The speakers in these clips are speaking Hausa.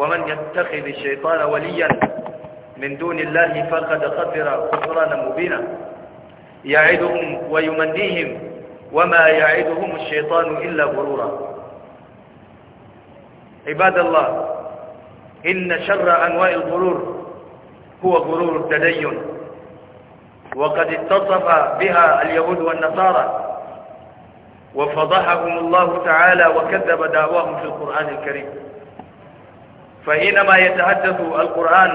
ومن يتخذ الشيطان وليا من دون الله فقد خسر خسرانا مبينا يعدهم ويمنيهم وما يعدهم الشيطان إلا غرورا عباد الله إن شر أنواع الغرور هو غرور التدين وقد اتصف بها اليهود والنصارى وفضحهم الله تعالى وكذب دعواهم في القرآن الكريم فحينما يتحدث القرآن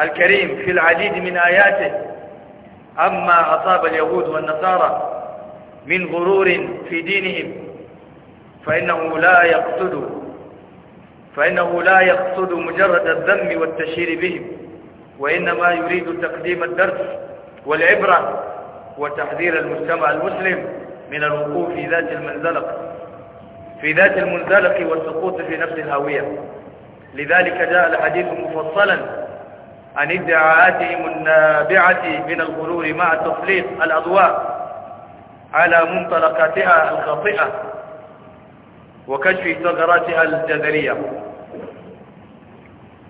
الكريم في العديد من آياته أما أصاب اليهود والنصارى من غرور في دينهم فإنه لا يقصد فإنه لا يقصد مجرد الذم والتشهير بهم وإنما يريد تقديم الدرس والعبرة وتحذير المجتمع المسلم من الوقوف في ذات المنزلق في ذات المنزلق والسقوط في نفس الهوية لذلك جاء الحديث مفصلا عن ادعاءاتهم النابعة من الغرور مع تسليط الأضواء على منطلقاتها الخاطئة وكشف ثغراتها الجذرية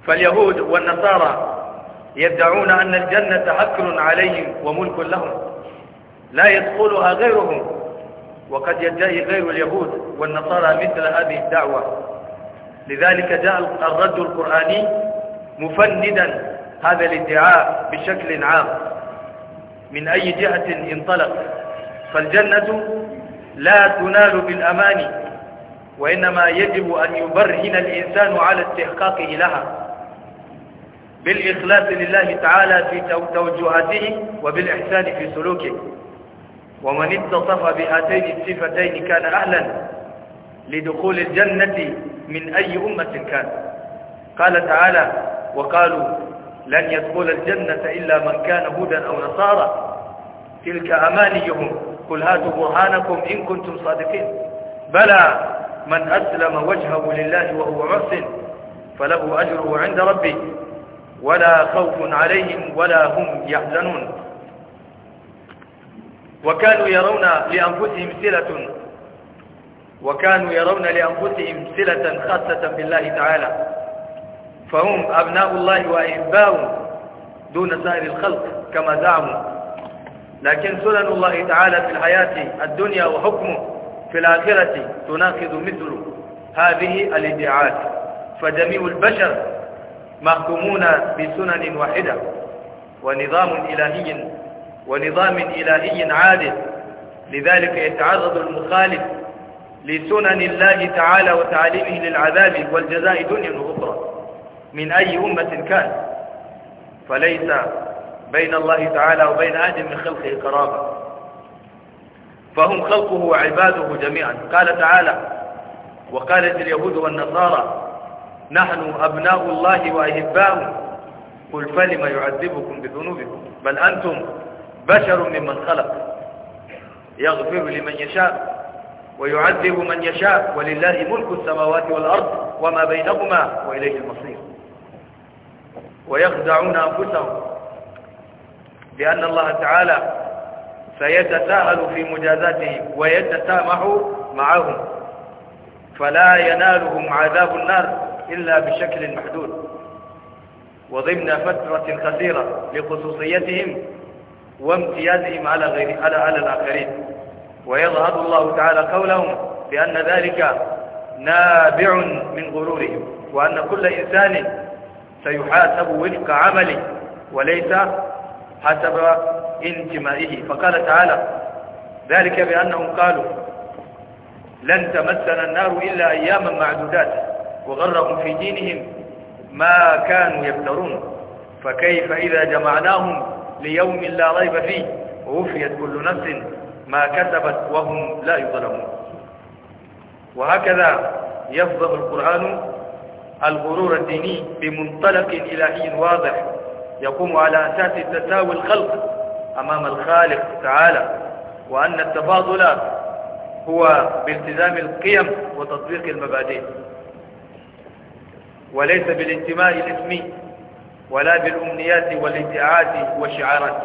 فاليهود والنصارى يدعون أن الجنة حكر عليهم وملك لهم لا يدخلها غيرهم وقد يدعي غير اليهود والنصارى مثل هذه الدعوة لذلك جاء الرد القرآني مفندا هذا الادعاء بشكل عام من أي جهة انطلق فالجنة لا تنال بالأماني وإنما يجب أن يبرهن الإنسان على استحقاقه لها بالإخلاص لله تعالى في توجهاته وبالإحسان في سلوكه ومن اتصف بهاتين الصفتين كان أهلا لدخول الجنة من أي أمة كان قال تعالى وقالوا لن يدخل الجنة إلا من كان هودا أو نصارى تلك أمانيهم قل هاتوا برهانكم إن كنتم صادقين بلى من أسلم وجهه لله وهو محسن فله أجره عند ربه ولا خوف عليهم ولا هم يحزنون وكانوا يرون لأنفسهم سلة وكانوا يرون لأنفسهم صلة خاصة بالله تعالى فهم أبناء الله وأحباؤه دون سائر الخلق كما زعموا لكن سنن الله تعالى في الحياة الدنيا وحكمه في الآخرة تناقض مثل هذه الادعاءات فجميع البشر محكومون بسنن واحدة ونظام إلهي ونظام إلهي عادل لذلك يتعرض المخالف لسنن الله تعالى وتعليمه للعذاب والجزاء دنيا وأخرى من أي أمة كان فليس بين الله تعالى وبين أحد من خلقه قرابة فهم خلقه وعباده جميعا قال تعالى وقالت اليهود والنصارى نحن أبناء الله وأهباؤه قل فلم يعذبكم بذنوبكم بل أنتم بشر ممن خلق يغفر لمن يشاء ويعذب من يشاء ولله ملك السماوات والأرض وما بينهما وإليه المصير ويخدعون أنفسهم لأن الله تعالى سيتساهل في مجازاتهم ويتسامح معهم فلا ينالهم عذاب النار إلا بشكل محدود وضمن فترة قصيرة لخصوصيتهم وامتيازهم على غير على على الآخرين ويظهر الله تعالى قولهم بأن ذلك نابع من غرورهم وأن كل إنسان سيحاسب وفق عمله وليس حسب انتمائه فقال تعالى ذلك بأنهم قالوا لن تمسنا النار إلا أياما معدودات وغرهم في دينهم ما كانوا يفترون فكيف إذا جمعناهم ليوم لا ريب فيه ووفيت كل نفس ما كسبت وهم لا يظلمون وهكذا يفضل القرآن الغرور الديني بمنطلق إلهي واضح يقوم على أساس تساوي الخلق أمام الخالق تعالى وأن التفاضل هو بالتزام القيم وتطبيق المبادئ وليس بالانتماء الاسمي ولا بالأمنيات والادعاءات والشعارات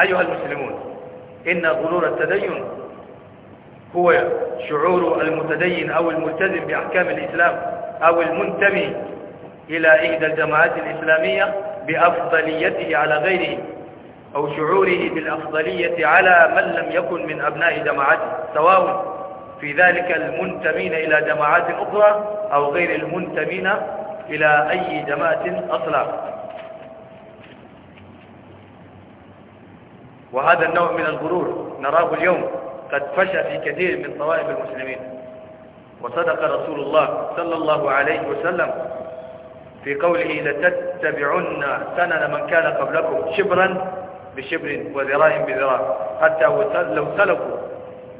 أيها المسلمون إن غرور التدين هو شعور المتدين أو الملتزم بأحكام الإسلام أو المنتمي إلى إحدى الجماعات الإسلامية بأفضليته على غيره أو شعوره بالأفضلية على من لم يكن من أبناء جماعته سواء في ذلك المنتمين إلى جماعات أخرى أو غير المنتمين إلى أي جماعة أصلا وهذا النوع من الغرور نراه اليوم قد فشى في كثير من طوائف المسلمين وصدق رسول الله صلى الله عليه وسلم في قوله لتتبعن سنن من كان قبلكم شبرا بشبر وذراع بذراع حتى لو سلكوا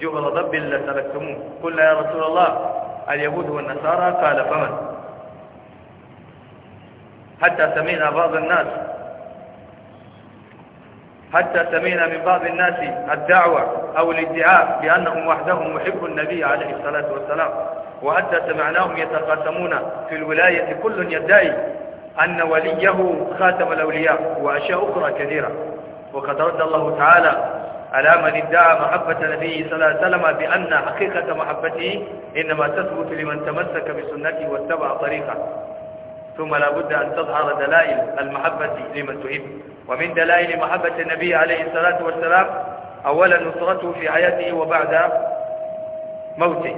جبر ضب لسلكتموه قلنا يا رسول الله اليهود والنصارى قال فمن حتى سمعنا بعض الناس حتى سمعنا من بعض الناس الدعوة أو الادعاء بأنهم وحدهم محب النبي عليه الصلاة والسلام وحتى سمعناهم يتقاسمون في الولاية كل يدعي أن وليه خاتم الأولياء وأشياء أخرى كثيرة وقد رد الله تعالى على من ادعى محبة نبيه صلى الله عليه وسلم بأن حقيقة محبته إنما تثبت لمن تمسك بسنته واتبع طريقه ثم لا بد أن تظهر دلائل المحبة لمن تحب ومن دلائل محبة النبي عليه الصلاة والسلام أولا نصرته في حياته وبعد موته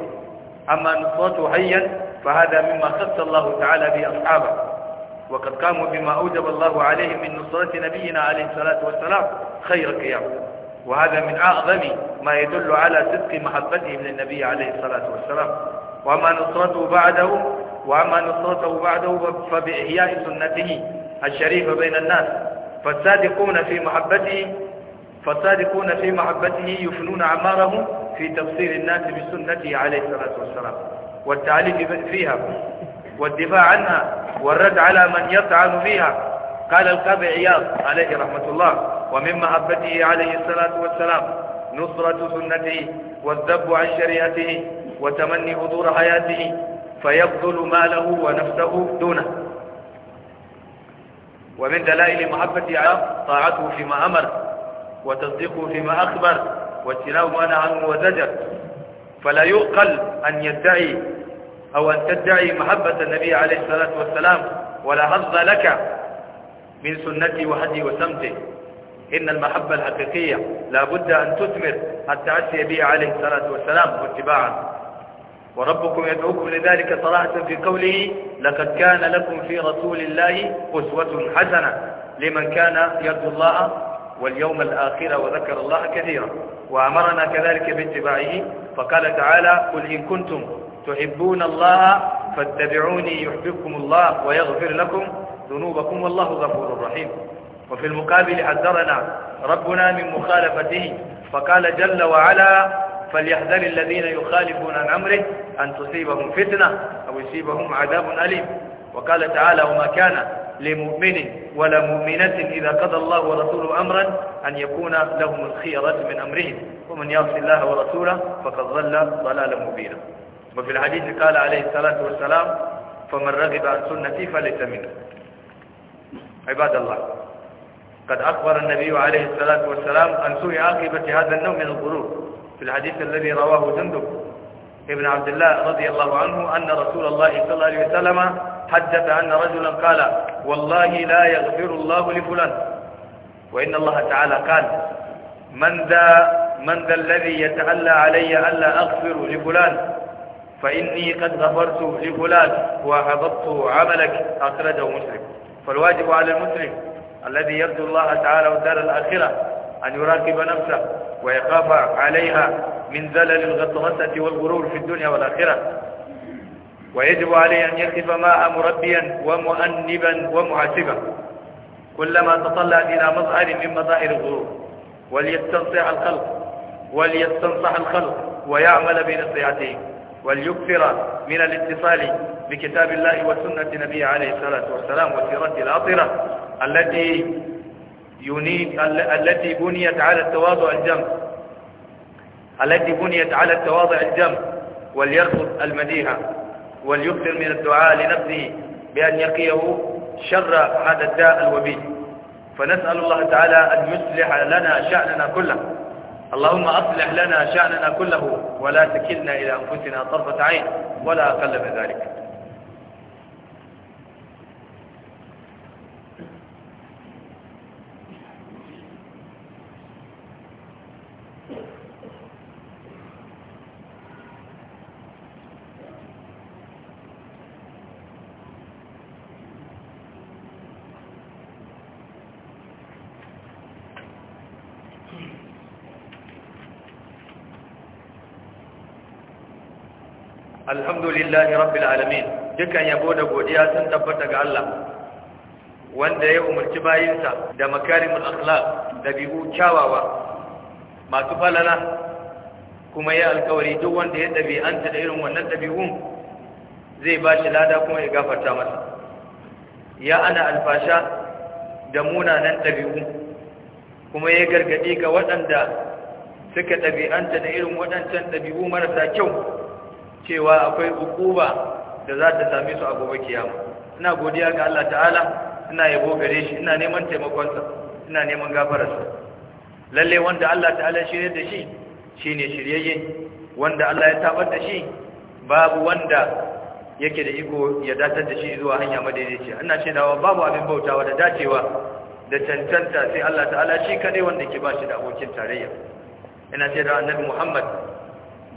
أما نصرته حيا فهذا مما خص الله تعالى به أصحابه وقد قاموا بما أوجب الله عليهم من نصرة نبينا عليه الصلاة والسلام خير قيام وهذا من أعظم ما يدل على صدق محبتهم للنبي عليه الصلاة والسلام وأما نصرته بعده وأما نصرته بعده فبإحياء سنته الشريفة بين الناس فالصادقون في محبته فالصادقون في محبته يفنون أعمارهم في تفسير الناس بسنته عليه الصلاة والسلام والتعليق فيها والدفاع عنها والرد على من يطعن فيها قال القاضي عياض عليه رحمة الله ومن محبته عليه الصلاة والسلام نصرة سنته والذب عن شريعته وتمني حضور حياته فيبذل ماله ونفسه دونه ومن دلائل محبة عام طاعته فيما أمر وتصديقه فيما أخبر واجتناب ما نهى عنه وزجر فلا يعقل أن يدعي أو أن تدعي محبة النبي عليه الصلاة والسلام ولا حظ لك من سنتي وحدي وسمتي إن المحبة الحقيقية لا بد أن تثمر التعسي به عليه الصلاة والسلام واتباعه وربكم يدعوكم لذلك صراحة في قوله لقد كان لكم في رسول الله أسوة حسنة لمن كان يرجو الله واليوم الآخر وذكر الله كثيرا وأمرنا كذلك باتباعه فقال تعالى قل إن كنتم تحبون الله فاتبعوني يحببكم الله ويغفر لكم ذنوبكم والله غفور رحيم وفي المقابل حذرنا ربنا من مخالفته فقال جل وعلا فليحذر الذين يخالفون عن أمره أن تصيبهم فتنة أو يصيبهم عذاب أليم وقال تعالى وما كان لمؤمن ولا مؤمنة إذا قضى الله ورسوله أمرا أن يكون لهم الخيرة من أمرهم ومن يغفر الله ورسوله فقد ضل ضلالا مبينا وفي الحديث قال عليه الصلاة والسلام فمن رغب عن سنتي فليس منه عباد الله قد أخبر النبي عليه الصلاة والسلام أن سوء عاقبة هذا النوم من الغرور في الحديث الذي رواه جندب ابن عبد الله رضي الله عنه أن رسول الله صلى الله عليه وسلم حدث أن رجلا قال والله لا يغفر الله لفلان وإن الله تعالى قال من ذا من ذا الذي يتألى علي ألا أغفر لفلان فإني قد غفرت لفلان وحبطت عملك أخرجه مسلم فالواجب على المسلم الذي يرجو الله تعالى والدار الآخرة أن يراقب نفسه ويخاف عليها من زلل الغطرسة والغرور في الدنيا والآخرة ويجب عليه أن يخف ماء مربيا ومؤنبا ومعاسبا كلما تطلع إلى مظهر من مظاهر الغرور وليستنصح الخلق وليستنصح الخلق ويعمل بنصيحتهم وليكثر من الاتصال بكتاب الله وسنة نبيه عليه الصلاة والسلام وسيرته الأطرة التي ينيب التي بنيت على التواضع الجم التي بنيت على التواضع الجم وليرفض المديحة وليكثر من الدعاء لنفسه بأن يقيه شر هذا الداء الوبيل فنسأل الله تعالى أن يصلح لنا شأننا كله اللهم أصلح لنا شأننا كله ولا تكلنا إلى أنفسنا طرفة عين ولا أقل من ذلك alhamdulillahi rabbil alamin dukan yabo da godiya sun tabbata ga Allah wanda ya umarci bayinsa da makarimul akhlaq da bihu kyawawa masu falala kuma ya alkawari duk wanda ya dabi'anta da irin wannan dabi'un zai ba shi lada kuma ya gafarta masa ya ana alfasha da munanan dabi'u kuma ya gargadi ga waɗanda suka dabi'anta da irin waɗancan dabi'u marasa kyau cewa akwai ukuba da za ta same su a gobe kiyama ina godiya ga Allah ta'ala ina yabo gare shi ina neman taimakonsa ina neman gafararsa lalle wanda Allah ta'ala shirye da shi shine shiryayye wanda Allah ya tabar da shi babu wanda yake da iko ya datar da shi zuwa hanya madaidaici ina cewa babu abin bautawa da dacewa da cancanta sai Allah ta'ala shi kadai wanda ke ba shi da abokin tarayya ina cewa annabi Muhammad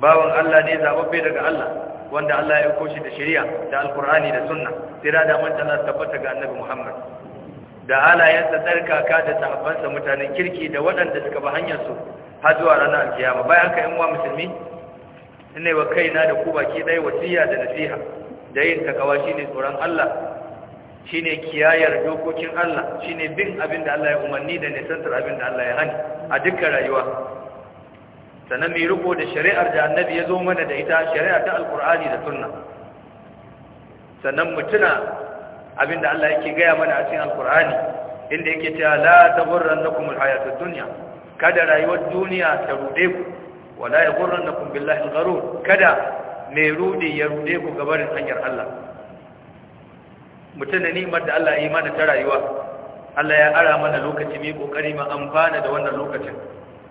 bawan Allah ne zababbe daga Allah wanda Allah ya koshi da shari'a da alkur'ani da sunna tira da manta Allah tabbata ga annabi Muhammad da halayensa tsarkaka da sahabbansa mutanen kirki da waɗanda suka ba hanyar su har zuwa ranar alkiyama bayan ka yan uwa musulmi ne wa kaina da ku baki ɗaya, wasiya da nasiha da yin takawa shine tsoron Allah shine kiyayar dokokin Allah shine bin abin da Allah ya umarni da nisantar abin da Allah ya hani a dukkan rayuwa sannan mai riko da shari'ar da annabi ya zo mana da ita shari'a ta alkur'ani da sunna sannan mutuna abinda Allah yake gaya mana a cikin alkur'ani inda yake cewa la taghurrannakum alhayatud dunya kada rayuwar duniya ta rude ku wala yaghurrannakum billahi algharur kada mai rude ya rude ku gabarin hanyar Allah mutuna ni'imar da Allah ya yi mana ta rayuwa Allah ya ara mana lokaci mai kokari mu amfana da wannan lokacin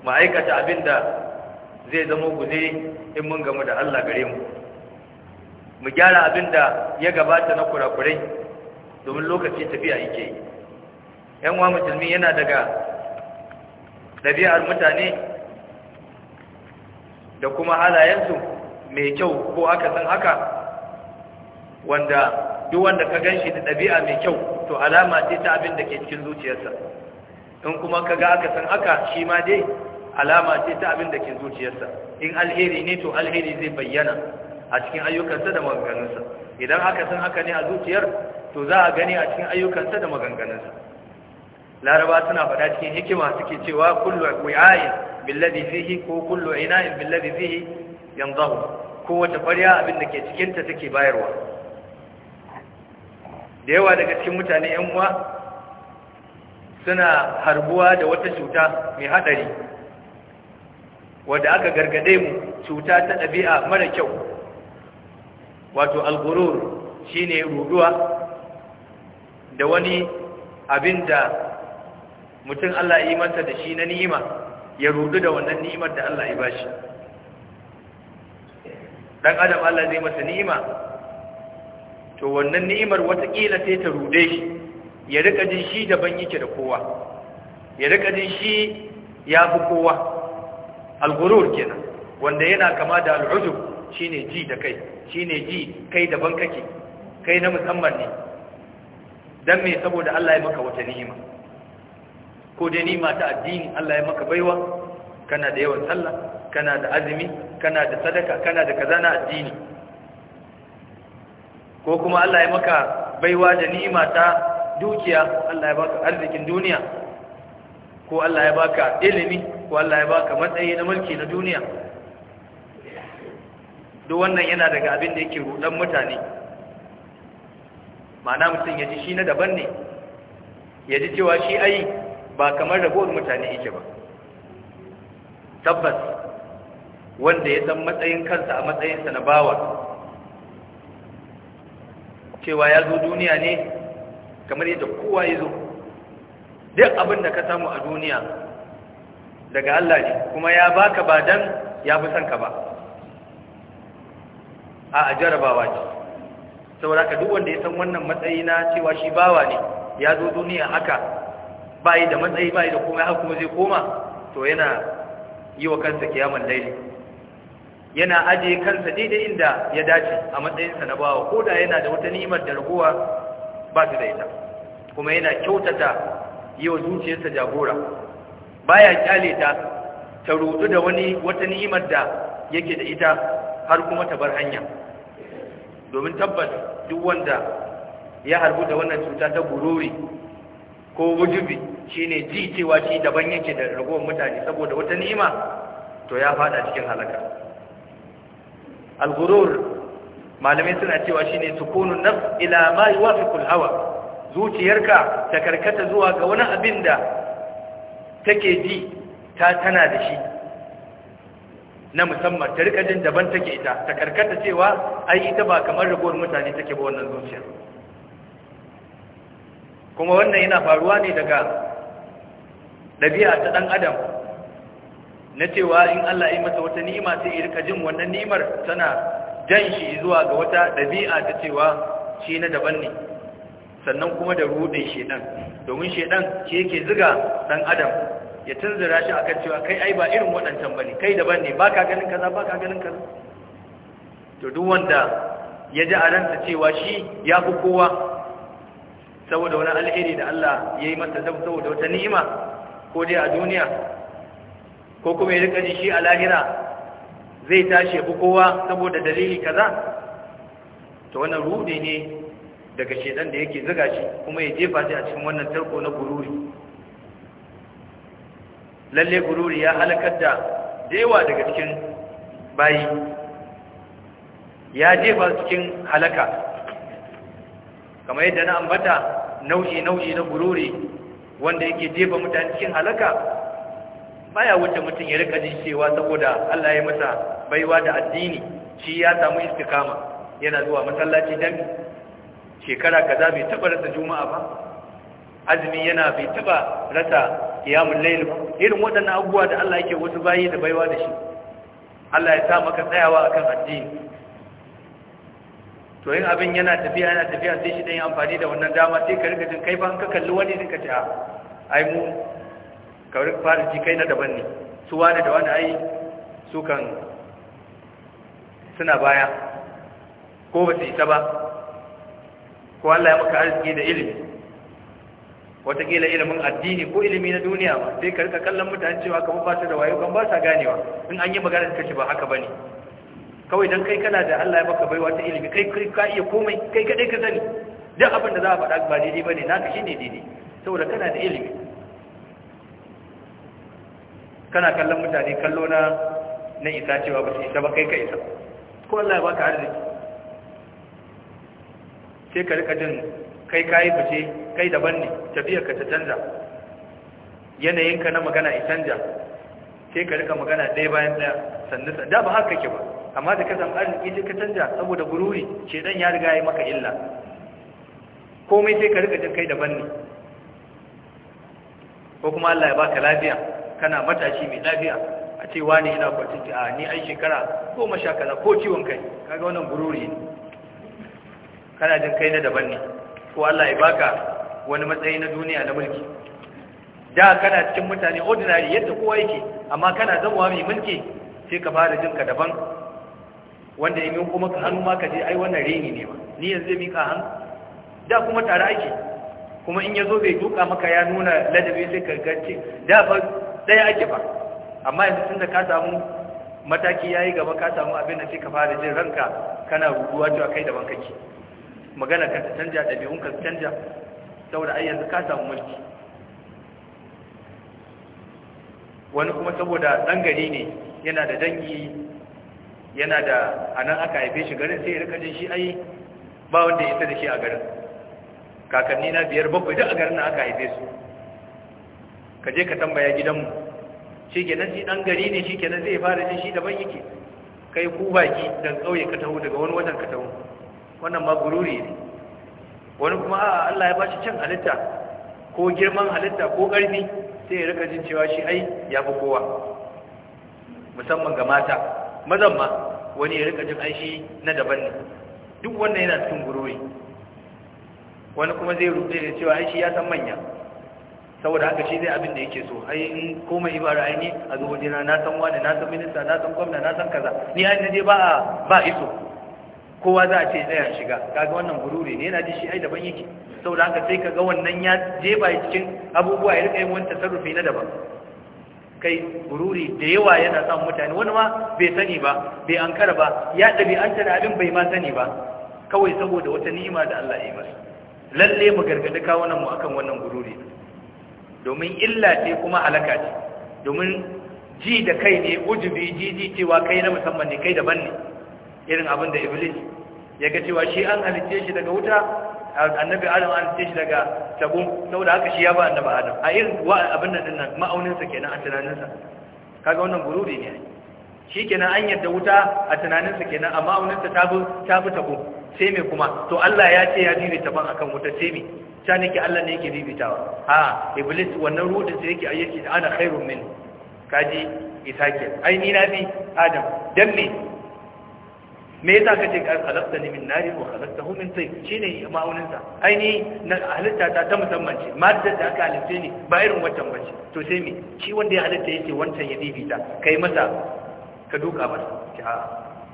mu aikata abinda zai zama guje in mun gamu da Allah gare mu mu gyara abin da ya gabata na kurakurai domin lokaci tafiya yake yi yan wa musulmi yana daga ɗabi'ar mutane da kuma halayensu mai kyau ko aka san haka wanda duk wanda ka ganshi shi da ɗabi'a mai kyau to alama ce ta abin da ke cikin zuciyarsa in kuma ka ga aka san haka shi ma dai alama ce ta abin da ke zuciyarsa in alheri ne to alheri zai bayyana a cikin ayyukansa da maganganunsa idan haka san haka ne a zuciyar to za a gani a cikin ayyukansa da maganganunsa laraba suna faɗa cikin hikima suke cewa kullu wi'ayi billadhi fihi ko kullu ina'in billadhi fihi yanzahu wata ƙwarya abin da ke cikin ta take bayarwa da yawa daga cikin mutane yan uwa suna harbuwa da wata cuta mai hadari wanda aka gargade mu cuta ta ɗabi'a mara kyau wato al-ghurur shine ruduwa da wani abin da mutum Allah ya yi masa da shi na ni'ima ya rudu da wannan ni'imar da Allah ya bashi dan adam Allah zai masa ni'ima to wannan ni'imar watakila sai ta rude shi ya rika jin shi daban yake da kowa ya rika jin shi ya fi kowa al-ghurur kenan wanda yana kama da al-ujub shine ji da kai shine ji kai daban kake kai na musamman ne dan me saboda Allah ya maka wata ni'ima ko da ni'ima ta addini Allah ya maka baiwa kana da yawan sallah kana da azumi kana da sadaka kana da kazana addini ko kuma Allah ya maka baiwa da ni'ima ta dukiya Allah ya baka arzikin duniya ko Allah ya baka ilimi ko Allah ya baka matsayi na mulki na duniya duk wannan yana daga abin da yake rudan mutane ma'ana mutum ya ji shi na daban ne ya ji cewa shi ai ba kamar ragowar mutane yake ba tabbas wanda ya san matsayin kansa a matsayinsa na bawa cewa ya zo duniya ne kamar yadda kowa ya zo duk abin da ka samu a duniya daga Allah ne kuma ya baka ba dan ya fi son ba a a jarabawa ce saboda ka duk wanda ya san wannan matsayi na cewa shi bawa ne ya zo duniya haka yi da matsayi bai da kuma, haka kuma zai koma to yana yi wa kansa kiyaman laili yana aje kansa daidai inda ya dace a matsayinsa na bawa ko da yana da wata ni'imar da raguwa ba su da ita kuma yana kyautata yi wa zuciyarsa jagora baya kyale ta ta rudu da wani wata ni'imar da yake da ita har kuma ta bar hanya domin tabbas duk wanda ya harbu da wannan cuta ta gurori ko wujubi shine ji cewa shi daban yake da ragowar mutane saboda wata ni'ima to ya fada cikin halaka al-ghurur malamai suna cewa shine sukunun nafs ila ma yuwafiqul hawa zuciyarka ta karkata zuwa ga wani abin da take ji ta tana da shi na musamman ta rika jin daban take ita ta karkata cewa ai ita ba kamar ragowar mutane take ba wannan zuciya kuma wannan yana faruwa ne daga ɗabi'a ta ɗan adam na cewa in Allah yi masa wata ni'ima sai ya rika jin wannan ni'imar tana jan shi zuwa ga wata ɗabi'a ta cewa shi na daban ne sannan kuma da ruɗin shedan domin shedan shi yake ziga ɗan adam ya tunzura shi akan cewa kai ai ba irin waɗancan bane kai daban ne baka ganin kaza baka ganin kaza to duk wanda ya ji a ranta cewa shi ya fi kowa saboda wani alheri da Allah ya yi masa saboda wata ni'ima ko dai a duniya ko kuma ya rika ji shi a lahira zai tashi ya fi kowa saboda dalili kaza to wannan rudi ne daga shedan da yake zuga shi kuma ya jefa shi a cikin wannan tarko na gururi lalle gururi ya halakar da yawa daga cikin bayi ya jefa cikin halaka kamar yadda na ambata nau'i-nau'i na gururi wanda yake jefa mutane cikin halaka baya wuce mutum ya rika jin cewa saboda Allah ya masa baiwa da addini shi ya samu istikama yana zuwa masallaci dan shekara kaza bai taba rasa juma'a ba azumi yana bai taba rasa kiyamun laili irin waɗannan abubuwa da Allah yake wasu bayi da baiwa da shi Allah ya sa maka tsayawa akan addini to yin abin yana tafiya yana tafiya sai shi dan yi amfani da wannan dama sai ka rika jin kai ba ka kalli wani sai ka ce ai mu ka rika fara ji kai na daban ne su wani da wani ai su kan suna baya ko ba su isa ba ko Allah ya maka arziki da ilimi watakila ilimin addini ko ilimi na duniya ba sai ka rika kallon mutane cewa kamar ba su da wayo kan ba sa ganewa in an yi magana da kace ba haka bane kawai dan kai kana da Allah ya baka baiwa ta ilimi kai kai ka iya komai kai kadai ka sani duk abin da za a faɗa ba daidai bane naka shine daidai saboda kana da ilimi kana kallon mutane kallo na na isa cewa ba su isa ba kai ka isa ko Allah ya baka arziki sai ka rika jin kai kayi fice kai daban ne ka ta canza yanayinka na magana ya canza, sai ka rika magana ɗaya bayan ɗaya sannu da ba haka ke ba amma da ka samu arziki ka canza saboda gururi ɗan ya riga ya maka illa komai sai ka rika jin kai daban ne ko kuma Allah ya baka lafiya kana matashi mai lafiya a ce wani ina kwanci a ni ai shekara ko mashakala kaza ko ciwon kai kaga wannan gururi ne kana jin kai na daban ne ko Allah ya baka wani matsayi na duniya na mulki da kana cikin mutane ordinary yadda kowa yake amma kana zama mai mulki sai ka fara jin ka daban wanda ya kuma maka hannu ma ka je ai wannan reni ne ba ni yanzu zai miƙa hannu da kuma tare ake kuma in ya zo bai duka maka ya nuna ladabi sai ka gace da fa ɗaya ake ba amma yanzu tun da ka samu mataki ya yi gaba ka samu abin da sai ka fara jin ranka kana ruduwa cewa kai daban kake magana ka canja ɗabi'un ka canja saboda ai yanzu ka samu mulki wani kuma saboda ɗan gari ne yana da dangi yana da a nan aka haife shi garin sai ya rika jin shi ai ba wanda ya isa da shi a garin kakanni na biyar bakwai duk a garin na aka haife su ka je ka tambaya gidanmu shi kenan shi ɗan gari ne shi kenan zai fara jin shi daban yake kai ku baki dan kauye ka taho daga wani wajen ka taho wannan ma gururi ne wani kuma a Allah ya bashi cin halitta ko girman halitta ko ƙarfi sai ya rika jin cewa shi ai ya fi kowa musamman ga mata mazan ma wani ya rika jin ai shi na daban ne duk wannan yana cikin gururi wani kuma zai rubuta da cewa ai shi ya san manya saboda haka shi zai abin da yake so ai in komai ibara ai ni a zuwa jina na san wani na san minista na san gwamna na san kaza ni ai na je ba ba iso kowa za a ce tsaya shiga kaga wannan gururi ne yana ji shi ai daban yake saboda haka sai kaga wannan ya jeba cikin abubuwa ya rika yin wani tasarrufi na daban kai gururi da yawa yana sa mutane wani ma bai sani ba bai ankara ba ya ɗabi'anta da abin bai ma sani ba kawai saboda wata ni'ima da Allah ya masa lalle mu gargadi kawunan mu akan wannan gururi domin illa ce kuma halaka ce domin ji da kai ne ujubi ji ji cewa kai na musamman ne kai daban ne irin abin da iblis ya ga cewa shi an halice shi daga wuta annabi adam an halice shi daga tabun saboda haka shi ya ba annabi adam a irin wa abin nan dinnan ma'auninsa kenan a tunaninsa kaga wannan gururi ne shi kenan an yadda wuta a tunaninsa kenan amma ma'auninsa ta bi ta bi sai me kuma to Allah ya ce ya dibe taban akan wuta sai me ta nake Allah ne yake bibitawa a iblis wannan rudin sai yake ayyuki ana khairum min kaji isa ke ai ni na bi adam dan me me yasa kace ka halatta ni min nari wa hu min tayy shine ma'aunin sa aini na halitta ta ta musamman ce madda da aka halitta ne ba irin wancan ba to sai me shi wanda ya halitta yake wancan ya bibita kai masa ka duka masa ki a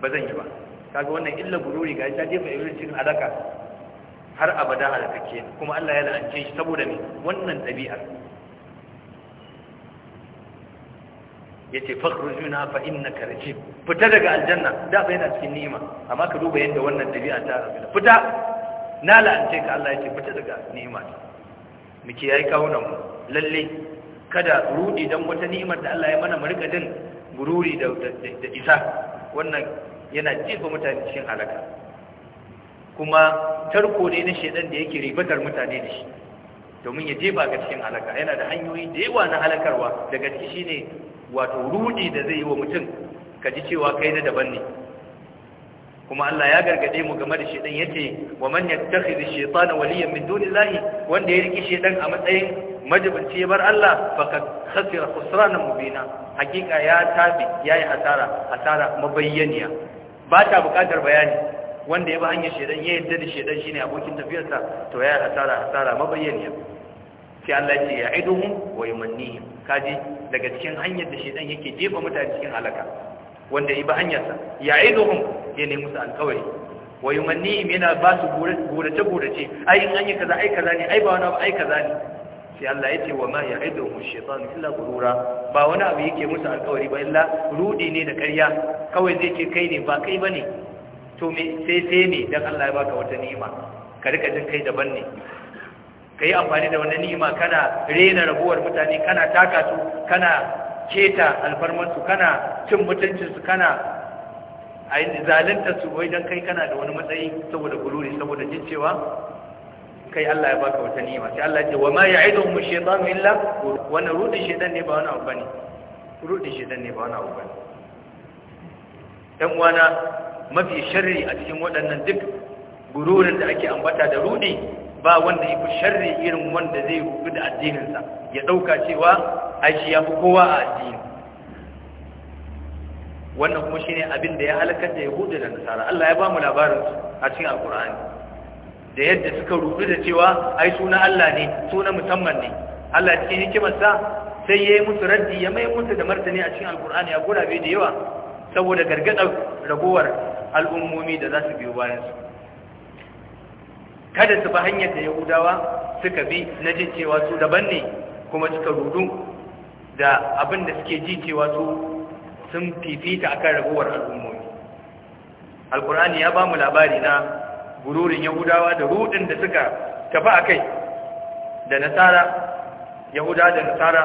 ba zan yi ba kaga wannan illa gururi ga ta jefa irin cikin alaka har abada halakakke kuma Allah ya la'ance shi saboda me wannan dabi'ar Ya yace fakhrujuna fa na rajim fita daga aljanna da bai yana cikin ni'ima amma ka duba yadda wannan dabi'a ta rabu fita na la'ance ka Allah ya fita daga ni'ima muke yayi kawunan mu lalle kada rudi dan wata ni'imar da Allah ya mana mu rika jin gururi da da isa wannan yana jefa mutane cikin halaka kuma tarko ne na shedan da yake ribatar mutane da shi domin ya jefa ga cikin halaka yana da hanyoyi da yawa na halakarwa daga ciki shine wato rudi da zai yi wa mutum ka ji cewa kai na daban ne kuma Allah ya gargade mu game da shedan yace wa man yattakhidhu shaytana waliyan min dunillahi wanda ya riki shedan a matsayin majibinci bar Allah faqad khasira khusrana mubina hakika ya tabi yayi hasara hasara mabayyaniya ba ta bukatar bayani wanda ya ba hanyar shedan ya yadda da shedan shine abokin tafiyarsa to yayi hasara hasara mabayyaniya sai Allah ya ce ya aiduhum wa yumannihim kaji daga cikin hanyar da shedan yake jefa mutane cikin halaka wanda ba hanyarsa ya aiduhum ya nemi su alkawari wa yumannihim yana ba su gurace gurace ai in hanyar kaza ai kaza ne ai ba wani abu ai kaza ne sai Allah ya ce wa ma ya'iduhum shaytanu illa gurura ba wani abu yake musu alƙawari ba illa rudi ne da ƙarya kawai zai ce kai ne ba kai bane to me sai sai ne dan Allah ya baka wata ni'ima ka rika jin kai daban ne ka yi amfani da wani ni'ima kana rena rabuwar mutane kana taka su kana keta alfarmansu kana cin mutuncinsu kana a yi zalunta su wai don kai kana da wani matsayi saboda gururi saboda jin cewa kai Allah ya baka wata ni'ima sai Allah ya ce wa ma ya'iduhum mu shaytanu illa wannan rudi shaytan ne ba wani abu bane rudi shaytan ne ba wani abu bane dan uwana mafi sharri a cikin waɗannan duk gururin da ake ambata da rudi ba wanda ya fi sharri irin wanda zai rubu da addininsa ya ɗauka cewa aishi ya fi kowa a addini wannan kuma shi ne abin da ya halakar da hudu da nasara Allah ya ba mu labarin a cikin alkur'ani da yadda suka rubu da cewa ai suna Allah ne suna musamman ne Allah cikin hikimarsa sai ya yi musu raddi ya mai musu da martani a cikin alkur'ani a gurabe da yawa saboda gargaɗar ragowar al'ummomi da za su biyo bayansu kada su bi hanyar da yahudawa suka bi na jin cewa su daban ne kuma suka rudu da abin da suke ji cewa su sun fifita akan raguwar al'ummomi alkur'ani ya ba mu labari na gururin yahudawa da rudin da suka tafi a kai da nasara yahuda da nasara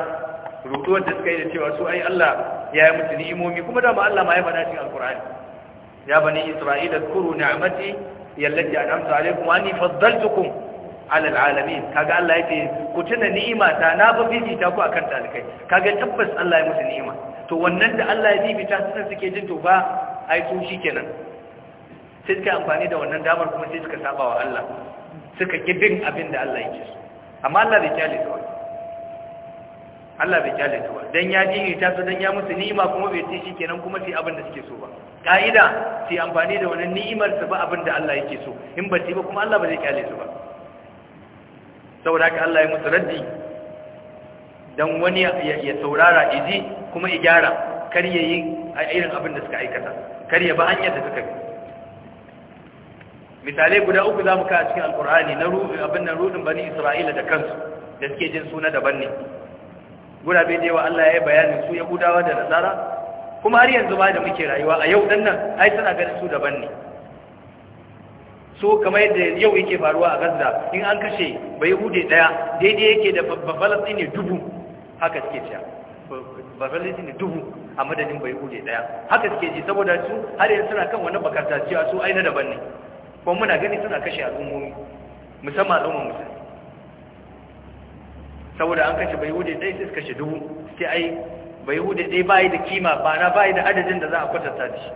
rutuwar da suka yi da cewa su ai Allah ya yi mutu ni'imomi kuma dama Allah ma ya bada cikin alkur'ani ya bani isra'ila kuru ni'amati yallati an'amtu alaikum wa anni faddaltukum ala alalamin kaga Allah yake ku tuna ni'ima ta na ba fifita ku akan talikai kaga tabbas Allah ya musu ni'ima to wannan da Allah ya fifita sun suke jin to ba ai su shikenan sai suka amfani da wannan damar kuma sai suka saba wa Allah suka kibin abin da Allah yake so amma Allah bai kyale su Allah bai kyale ta ba dan ya ta su dan ya musu ni'ima kuma bai shi shikenan kuma sai abin da suke so ba ka'ida sai amfani da wannan ni'imar su ba abin da Allah yake so in ba ba kuma Allah ba zai kyale su ba saboda haka Allah ya musu raddi dan wani ya saurara iji kuma ya gyara kar ya yi irin abin da suka aikata kar ya ba hanyar da suka bi misalai guda uku za mu ka cikin alkur'ani na abin nan rudin bani isra'ila da kansu da suke jin suna daban ne gurabe da yawa Allah ya yi bayanin su yahudawa da nasara kuma har yanzu ba da muke rayuwa a yau dannan ai suna ganin su daban ne so kamar yadda yau yake faruwa a gaza in an kashe bai hude daya daidai yake da babalasi ne dubu haka suke ciya babalasi ne dubu a madadin bai hude daya haka suke ji saboda su har yanzu suna kan wani bakarta cewa su aina daban ne kuma muna gani suna kashe al'ummomi musamman al'ummar musulmi saboda an kashe bayhude ɗaya sai kashe dubu sai ai bayhude ɗaya bai da kima ba na bai da adadin da za a kwatanta shi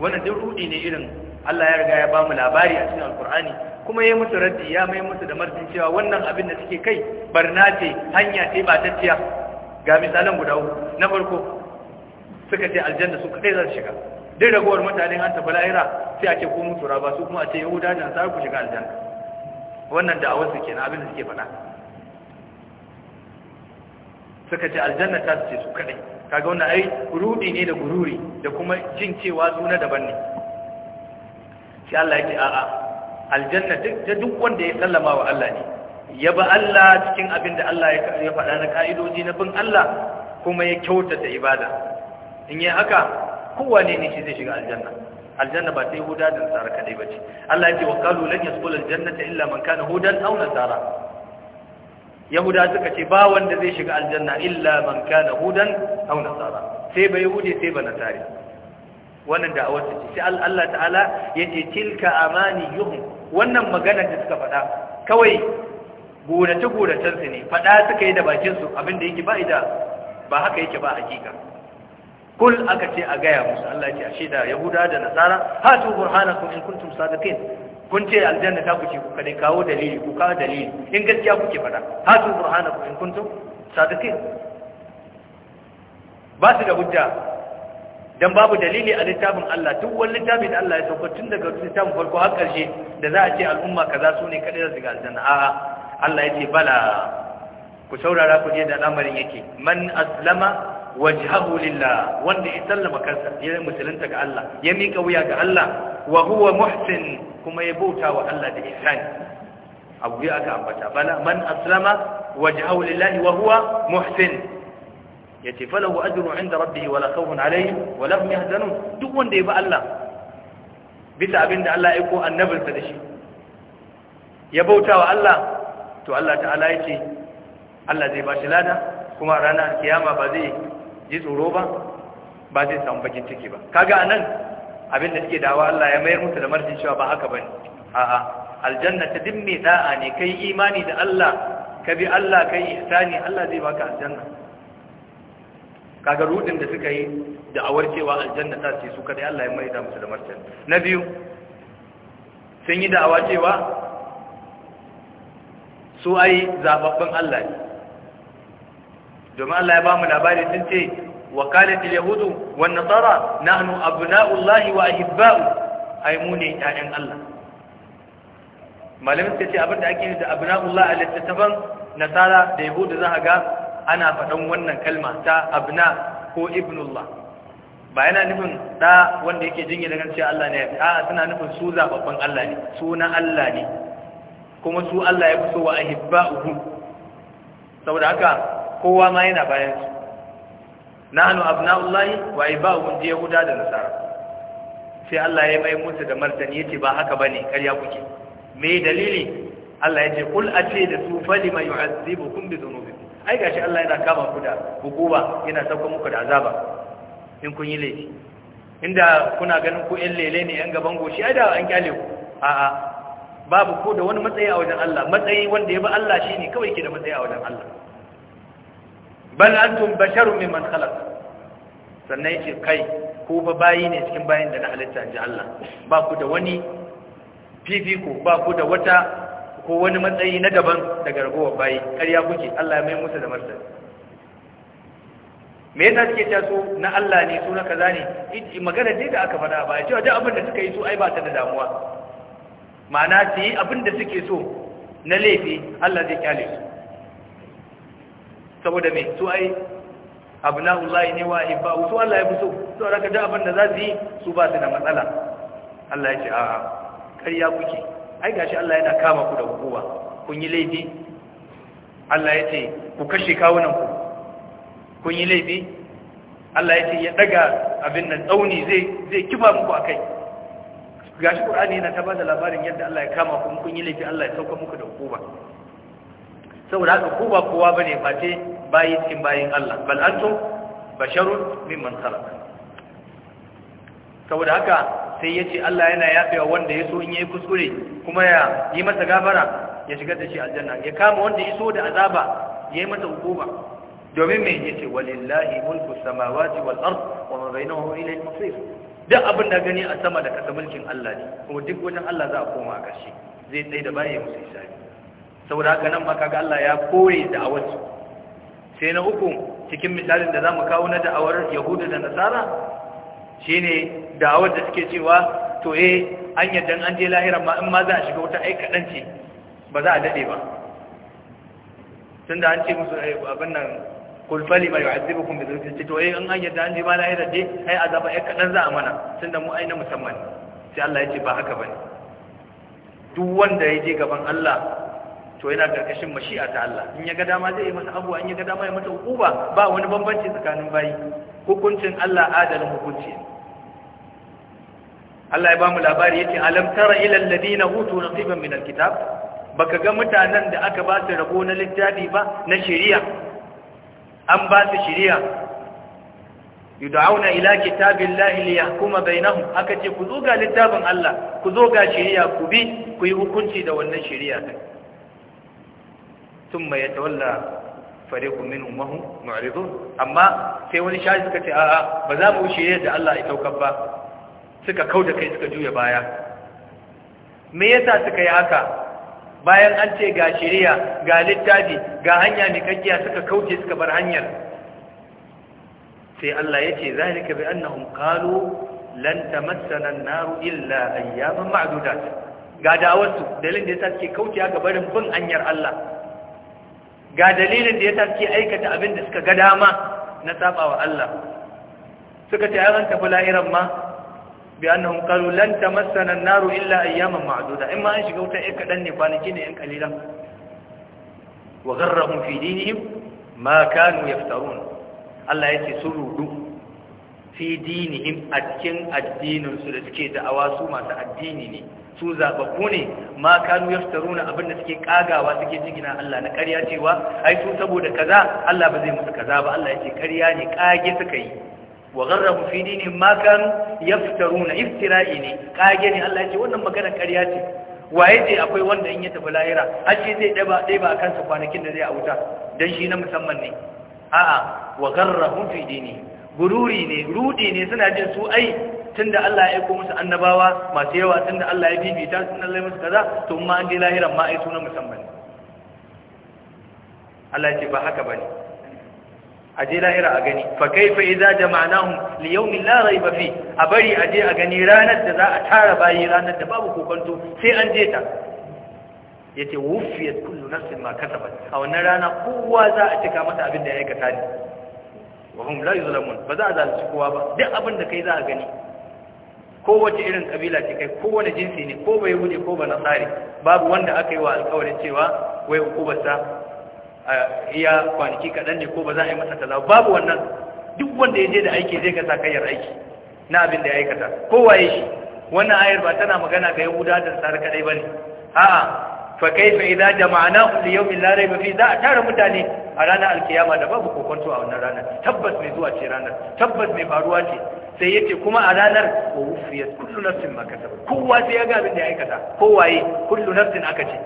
wannan duk rudi ne irin Allah ya riga ya ba mu labari a cikin alkur'ani kuma ya musu raddi ya mai musu da martin cewa wannan abin da suke kai barna ce hanya ce ba tacciya ga misalan guda uku na farko suka ce aljanna su kadai za su shiga duk ragowar mutane an tafi la'ira sai a ce ko mutu ba su kuma a ce yahuda da nasara ku shiga aljanna wannan da a wasu kenan abin da suke faɗa suka ce aljanna ta ce su kadai kaga wannan ai rudi ne da gururi da kuma jin cewa suna daban ne sai Allah yake a'a aljanna duk duk wanda ya sallama wa Allah ne ya ba Allah cikin abin da Allah ya faɗa na ka'idoji na bin Allah kuma ya kyautata ibada in yi haka kowane ne shi zai shiga aljanna aljanna ba ta yi huda da nasara kadai ba ce Allah ya ce wa kalu lan yasqul aljannata illa man kana hudan aw nasara yahuda suka ce ba wanda zai shiga aljanna illa man kana hudan aw nasara sai ba yahudi sai ba nasari wannan da a ce sai Allah ta'ala yace tilka amaniyuhum wannan magana da suka faɗa kawai gorace goracen su ne faɗa suka yi da bakin su abinda yake ba ida ba haka yake ba hakika kul aka ce a gaya musu Allah ce ashe da yahuda da nasara hatu burhanakum in kuntum sadiqin kun ce aljanna ta kuce ku kada kawo dalili ku kawo dalili in gaskiya kuke fada hatu ku in kuntum sadiqin ba su da hujja dan babu dalili a littafin Allah duk wani littafin da Allah ya sauka tun daga littafin farko har karshe da za a ce al'umma kaza su ne kadai za su ga aljanna a Allah ya ce bala ku saurara ku je da lamarin yake man aslama wajhahu lillah wanda ya sallama kansa ya musulunta ga Allah ya mika wuya ga Allah wa huwa muhsin kuma ya bauta wa Allah da ihsani abu biyu aka ambata bala man aslama wajhahu lillahi wa huwa muhsin yace falahu ajrun inda rabbih wala khawfun alayhim wala hum yahzanun duk wanda ya bi Allah bisa abinda Allah ya ko annabinsa da shi ya bauta wa Allah to Allah ta'ala yace Allah zai bashi lada kuma ranar kiyama ba zai ji tsoro ba ba zai samu bakin ciki ba kaga anan abin da suke dawa Allah ya mayar musu da martin cewa ba haka bane a'a aljanna ta dimme da'a ne kai imani da Allah ka bi Allah kai ihsani Allah zai baka aljanna kaga rudin da suka yi da awar cewa aljanna ta ce su kada Allah ya mai da musu da martin na biyu sun yi da'awa cewa su ai zababban Allah ne domin Allah ya ba mu labari sun ce وقالت اليهود والنصارى نحن أبناء الله وأحباؤه ai mu ne ƴaƴan Allah malamin suka ce abin da ake da abna'ullah a littattafan nasara da yahudu za a ga ana faɗan wannan kalma ta abna ko ibnullah ba yana nufin ɗa wanda yake jinya daga cewa Allah ne a suna nufin su zababban Allah ne Suna Allah ne kuma su Allah ya fi so wa ahibba'uhu saboda haka kowa ma yana bayan su nahnu abna'ullahi wa ya yahuda da nasara sai Allah ya mai musu da martani yace ba haka bane ƙarya kuke me dalili Allah yace kul ace da su fali falima yu'azzibukum bi dhunubikum ai gashi Allah yana kama ku da hukuma yana sauka muku da azaba in kun yi laifi inda kuna ganin ku yan lele ne yan gaban goshi ai da an kyale ku a'a babu ko da wani matsayi a wajen Allah matsayi wanda ya bi Allah shine kawai ke da matsayi a wajen Allah bal antum basharun mimman khalaq sannan yake kai ko ba bayi ne cikin bayin da na halitta ji Allah ba ku da wani fifiko ba ku da wata ko wani matsayi na daban daga ragowar bayi ƙarya kuke Allah ya mai musu da martani me yasa suke cewa su na Allah ne su na kaza ne magana dai da aka faɗa ba cewa duk abin da suka yi su ai ba ta da damuwa ma'ana su yi abin da suke so na laifi Allah zai kyale su saboda me su ai abna'ullahi ne wa ibba'u su Allah ya fi so to raka da abin da za su yi su ba su da matsala Allah ya ce a'a kariya kuke ai gashi Allah yana kama ku da hukuma kun yi laifi Allah ya ce ku kashe kawunan ku kun yi laifi Allah ya ce ya daga abin nan tsauni zai zai kifa muku akai gashi Qur'ani yana ta da labarin yadda Allah ya kama ku kun yi laifi Allah ya sauka muku da hukuma saboda haka ku ba kowa bane face bayi cikin bayin Allah bal antum basharun mimman khalaq saboda haka sai yace Allah yana yafewa wanda yaso in yayi kuskure kuma ya yi masa gafara ya shigar da shi aljanna ya kama wanda yaso da azaba ya yi masa hukuma domin me yace walillahi mulku samawati wal ard wa ma bainahuma ilayhi al-masir duk abin da gani a sama da kasa mulkin Allah ne kuma duk wajen Allah za a koma a ƙarshe zai tsaye da baya musu isa'i saboda haka nan ma ga Allah ya kore da awansu sai na uku cikin misalin da za mu kawo na da'awar yahudu da nasara shi ne da'awar da suke cewa to e an yadda an je lahira ma in ma za a shiga wuta ai ce ba za a daɗe ba tun da an ce musu eh, abin nan kulfali mai wa'azibu kuma da zuci to e in an yadda an je ma lahira je ai a zaba kaɗan za a mana tun da mu ai na musamman sai Allah ya ce ba haka ba ne. duk wanda ya je gaban Allah to yana karkashin mashi'a ta Allah in ya ga dama zai yi masa abuwa in ya ga dama ya mata hukuma ba wani bambanci tsakanin bayi hukuncin Allah adalin hukunci Allah ya bamu labari yace alam tara ila na utu nasiban min alkitab baka ga mutanen da aka ba su rabo na littafi ba na shari'a an ba su shari'a yud'auna ila kitabillahi liyahkuma bainahum aka ce ku zo ga littafin Allah ku zo ga shari'a ku bi ku yi hukunci da wannan shari'a thumma yatawalla fariqun minhum wa hum mu'ridun amma sai wani shayi suka ce a'a ba za mu wuce yadda Allah ya saukar ba suka kauda kai suka juya baya me yasa suka yi haka bayan an ce ga shari'a ga littafi ga hanya mai kakkiya suka kauce suka bar hanyar sai Allah ya ce zalika bi annahum qalu lan tamassana an-nar illa ayyaman ma'dudat ga da'awarsu dalilin da yasa suke kauce ga barin bin hanyar Allah ga dalilin da ya tafi aikata abin da suka ga dama na sabawa Allah suka ce ayan tafi la'iran ma bi annahum qalu lan tamassana an-naru illa ayyaman ma'duda in ma an shiga wuta ɗan kadan ne kwanaki ne ɗan kalilan wa gharrahum fi dinihim ma kanu yaftarun Allah yace su rudu fi dinihim a cikin addinin su da suke da'awa su masu addini ne su zababbu ne ma kanu abin abinda suke kagawa suke jigina Allah na ƙarya cewa ai su saboda kaza Allah ba zai musu kaza ba Allah yake ƙarya ne kage suka yi wa gharrabu fi dinihim ma kanu na iftira'i ne kage ne Allah yake wannan magana ƙarya ce waye ce akwai wanda in ya tafi lahira shi zai daba dai ba kansa kwanakin da zai auta dan shi na musamman ne a'a wa gharrabu fi dinihim gururi ne rudi ne suna jin su ai tunda Allah ya aiko musu annabawa masu yawa tunda Allah ya bibita tunda Allah ya musu kaza to ma an je lahiran ma ai sunan musamman Allah ya ce ba haka bane a je lahira a gani fa kaifa idza jama'nahum li yawmin la rayba fi a bari a je a gani ranar da za a tara bayi ranar da babu kokonto sai an je ta yace wufiyat kullu nafsin ma kasabat a wannan rana kowa za a cika masa abin da ya aikata ne wahum la yuzlamun ba za a zalunci kowa ba duk abin da kai za a gani kowace irin kabila ce kai kowane jinsi ne ko bai wuce ko ba nasari babu wanda aka yi wa alkawarin cewa wai hukubarsa a iya kwanaki kaɗan ne ko ba za a yi masa talawa babu wannan duk wanda ya je da aiki zai ga sakayyar aiki na abin da ya aikata kowaye shi wannan ayar ba tana magana ga yahuda da sar kadai ne. a'a fa kaifa idza jama'nahu li yawmin la rayba fi za a tara mutane a ranar alkiyama da babu kokonto a wannan ranar tabbas mai zuwa ce ranar tabbas mai faruwa ce sai ce, kuma a ranar wa wufiyat kullu nafsin ma kasabat kowa sai ya ga abin da ya aikata kowaye kullu nafsin aka ce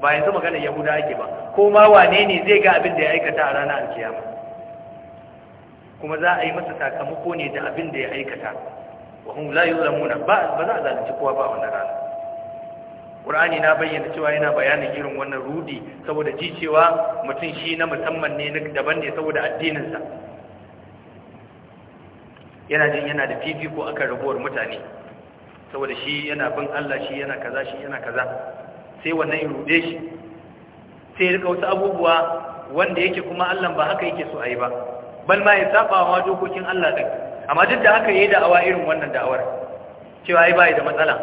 ba yanzu magana yahuda ake ba ko ma wane ne zai ga abin da ya aikata a ranar alkiyama kuma za a yi masa sakamako ne da abin da ya aikata wa hun la yuzlamuna ba ba za a zalunci kowa ba wannan rana Qur'ani na bayyana cewa yana bayanin irin wannan rudi saboda ji cewa mutum shi na musamman ne daban ne saboda addininsa yana jin yana da fifiko akan rabuwar mutane saboda shi yana bin Allah shi yana kaza shi yana kaza sai wannan ya rube shi sai ya rika wasu abubuwa wanda yake kuma Allah ba haka yake so a yi ba Ban ma ya saba wa dokokin Allah din amma duk da haka yayi da'awa irin wannan da'awar cewa ai bai da matsala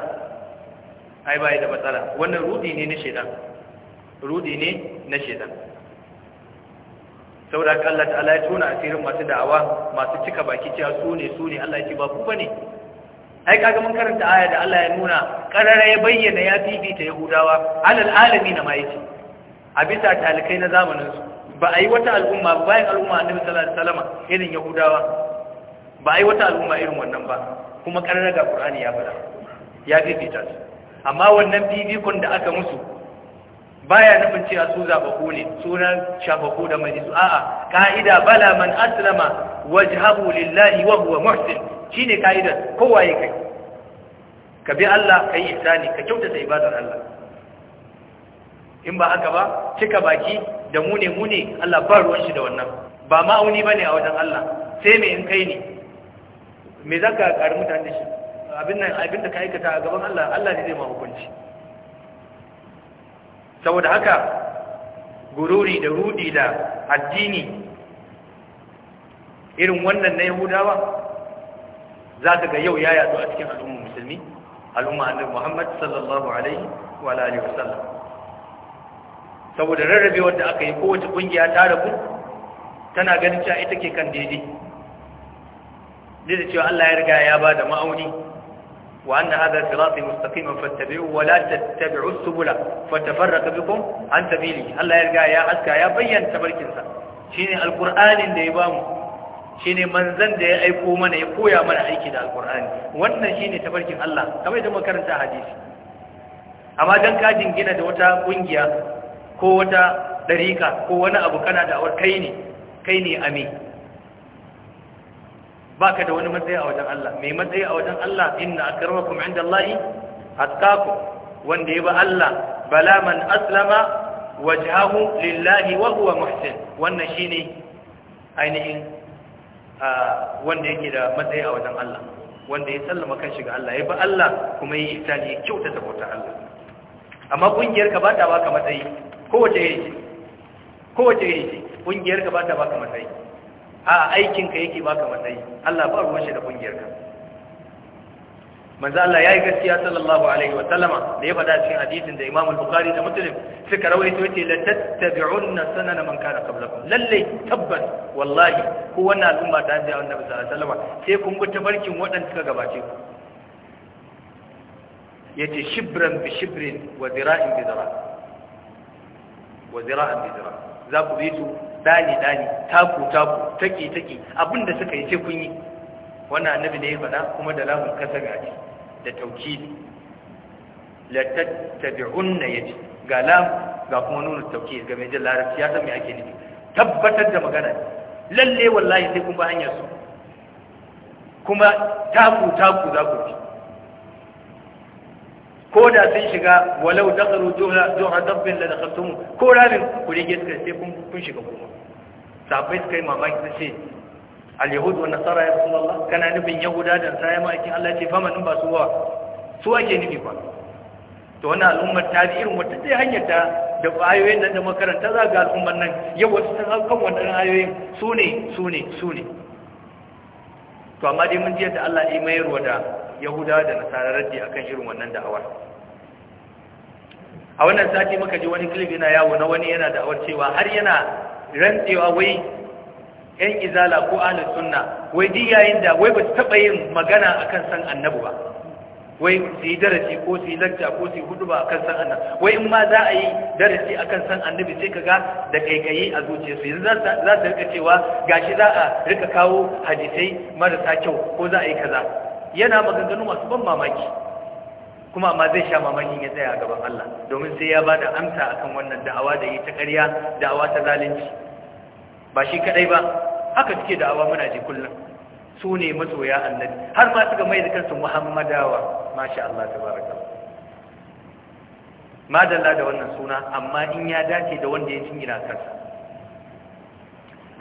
ai bai da matsala wannan rudi ne na shedan rudi ne na shedan saboda haka Allah ta'ala ya tona asirin masu da'awa masu cika baki cewa su ne su ne Allah ya ce ba ku bane ai kaga mun karanta aya da Allah ya nuna karara ya bayyana ya fifita yahudawa alal alamin ma yace a bisa talikai na zamanin su ba ai wata al'umma ba, bayan al'umma annabi sallallahu alaihi wasallam irin yahudawa ba ai wata al'umma irin wannan ba kuma karara ga qur'ani ya fara ya fifita su amma wannan fifikon da aka musu baya nufin cewa su zabaku ne sunan shafaku da mai su a'a ka'ida bala man aslama wajhahu lillahi wa huwa muhsin shine ka'ida kowa ya kai ka bi Allah ka yi ihsani ka kyautata ibadar Allah in ba haka ba cika baki da mune mune Allah ba ruwan shi da wannan ba ma'auni bane a wajen Allah sai me in kai ne me zaka kar mutane shi abin nan abin da ka aikata a gaban Allah Allah ne zai ma hukunci saboda haka gururi da rudi da addini irin wannan na yahudawa za ka ga yau ya yadu a cikin al'ummar musulmi al'umma annabi Muhammad sallallahu alaihi wa alihi wasallam saboda rarrabe wanda aka yi kowace kungiya ta rabu tana ganin cewa ita ke kan daidai da cewa Allah ya riga ya ba da ma'auni وأن هذا صراطي مستقيما فاتبعوه ولا تتبعوا السبل فتفرق بكم عن سبيله الله يلقى يا أسكى يا بيّن تبركنسا شيني القرآن اللي يبامو شيني منزن دي أيقو من يقويا من أيكي دا القرآن وانا شيني تبركن الله كما يدام كرنسا حديث أما دان كاجن جينا دا وتا قنجيا كو وتا دريكا كو وانا أبو كان دا أور كيني كيني أمي ba ka da wani matsayi a wajen Allah mai matsayi a wajen Allah inna akramakum indallahi atqakum wanda ya ba Allah bala man aslama wajhahu lillahi wa huwa muhsin wannan shi ne ainihin wanda yake da matsayi a wajen Allah wanda ya sallama kan shiga Allah ya ba Allah kuma yi ihsani ya kyautata bautar Allah amma kungiyar ka ba ta baka matsayi kowace yayi kowace yayi kungiyar ka ba ta baka matsayi a aikinka yake baka matsayi Allah ba ruwan shi da kungiyarka manzo Allah yayi gaskiya sallallahu alaihi wa sallama da ya faɗa cikin hadisin da Imam al-Bukhari da Muslim suka rawaito yace la tattabi'unna sanana man kana qablakum lalle tabbas wallahi ko wannan al'umma ta ji Annabi sallallahu alaihi wa sallama sai kun bi barkin waɗanda suka gabace ku yace shibran bi shibrin wa zira'in bi zira' wa zira'in bi zira' za ku bi su dani dani taku taku take abin abinda suka yi sai kun yi wannan annabi ne ya faɗa kuma da lamun ga gaji da taukidi la tattabi'unna yaji ga lam ga kuma nuna taukid ga mai jin larabci ya san me ake nufi tabbatar da magana lalle wallahi sai kun ba hanyar su kuma taku taku za ku bi ko da sun shiga walau tsaro juha dabbin da mu. ko ramin ku ke suka sai kun shiga kuma sabai suka yi mamaki su ce al wa nasara ya rasu Allah kana nufin yahuda da sa ya ma'aikin Allah ce fama ba su wa su ake nufi ba to wani al'ummar ta ji irin wata sai hanyar ta da ayoyin nan da makaranta za ga al'ummar nan yau wasu sun hau kan wannan ayoyin su ne su ne su ne to amma dai mun ji yadda Allah ya mayarwa da yahuda da nasara raddi akan irin wannan da'awar a wannan sati muka ji wani clip yana yawo na wani yana da'awar cewa har yana rantsewa wai yan izala ko ahli sunna wai duk yayin da wai ba su taba yin magana akan san annabi ba wai su yi darasi ko su yi lacca ko su yi hudu ba akan san annabi wai in ma za a yi darasi akan san annabi sai kaga da kaikayi a su, yanzu za su rika cewa gashi za a rika kawo hadisai marasa kyau ko za a yi kaza yana maganganu masu ban mamaki kuma amma zai sha mamakin ya tsaya a gaban Allah domin sai ya bada amsa akan wannan da'awa da yi ta ƙarya da'awa ta zalunci ba shi kadai ba haka suke da'awa muna ji kullum su ne masoya annabi har ma suka mai zikansu muhammadawa masha Allah tabaraka madalla da wannan suna amma in ya dace da wanda ya jingina kansa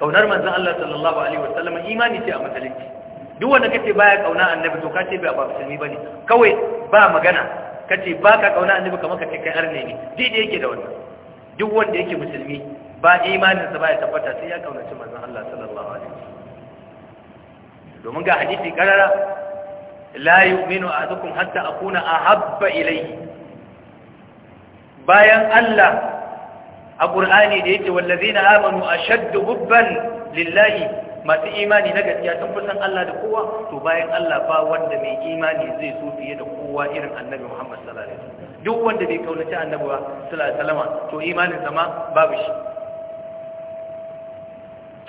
kaunar manzon Allah sallallahu alaihi wasallam imani ce a musulunci duk wanda kace baya kauna annabi to kace bai ba musulmi bane kawai ba magana kace baka kauna annabi kamar kace kai arne ne daidai yake da wannan duk wanda yake musulmi ba imanin sa baya tabbata sai ya kaunaci manzon Allah sallallahu alaihi wasallam domin ga hadisi karara la yu'minu ahadukum hatta akuna ahabba ilayhi bayan Allah a Qur'ani da yake wallazina amanu ashaddu hubban lillahi masu imani na gaskiya sun fi san Allah da kowa to bayan Allah ba wanda mai imani zai so fiye da kowa irin annabi Muhammad sallallahu alaihi wasallam duk wanda bai kaunaci annabi ba sallallahu alaihi wasallam to imanin sa ma babu shi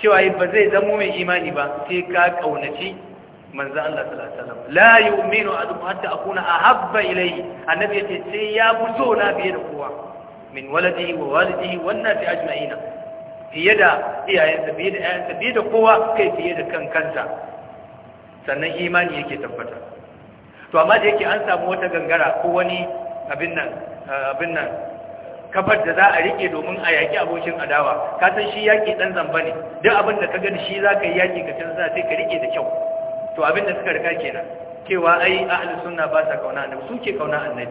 cewa ba zai zamo mai imani ba sai ka kaunaci manzo Allah sallallahu alaihi wasallam la yu'minu ahadukum hatta akuna ahabba ilayhi annabi yace sai ya fi so na fiye da kowa min waladihi wa walidihi wan nasi ajma'ina fiye da iyayensa fiye da ƴaƴansa fiye da kowa kai fiye da kan kansa sannan imani yake tabbata to amma da yake an samu wata gangara ko wani abin nan abin nan kafar da za a rike domin a yaƙi abokin adawa ka san shi yaƙi ɗan zamba ne duk abin da ka gani shi za ka yi yaƙi ka canza sai ka rike da kyau to abin da suka rika kenan cewa ai ahlus sunna ba sa kauna annabi su ke kauna annabi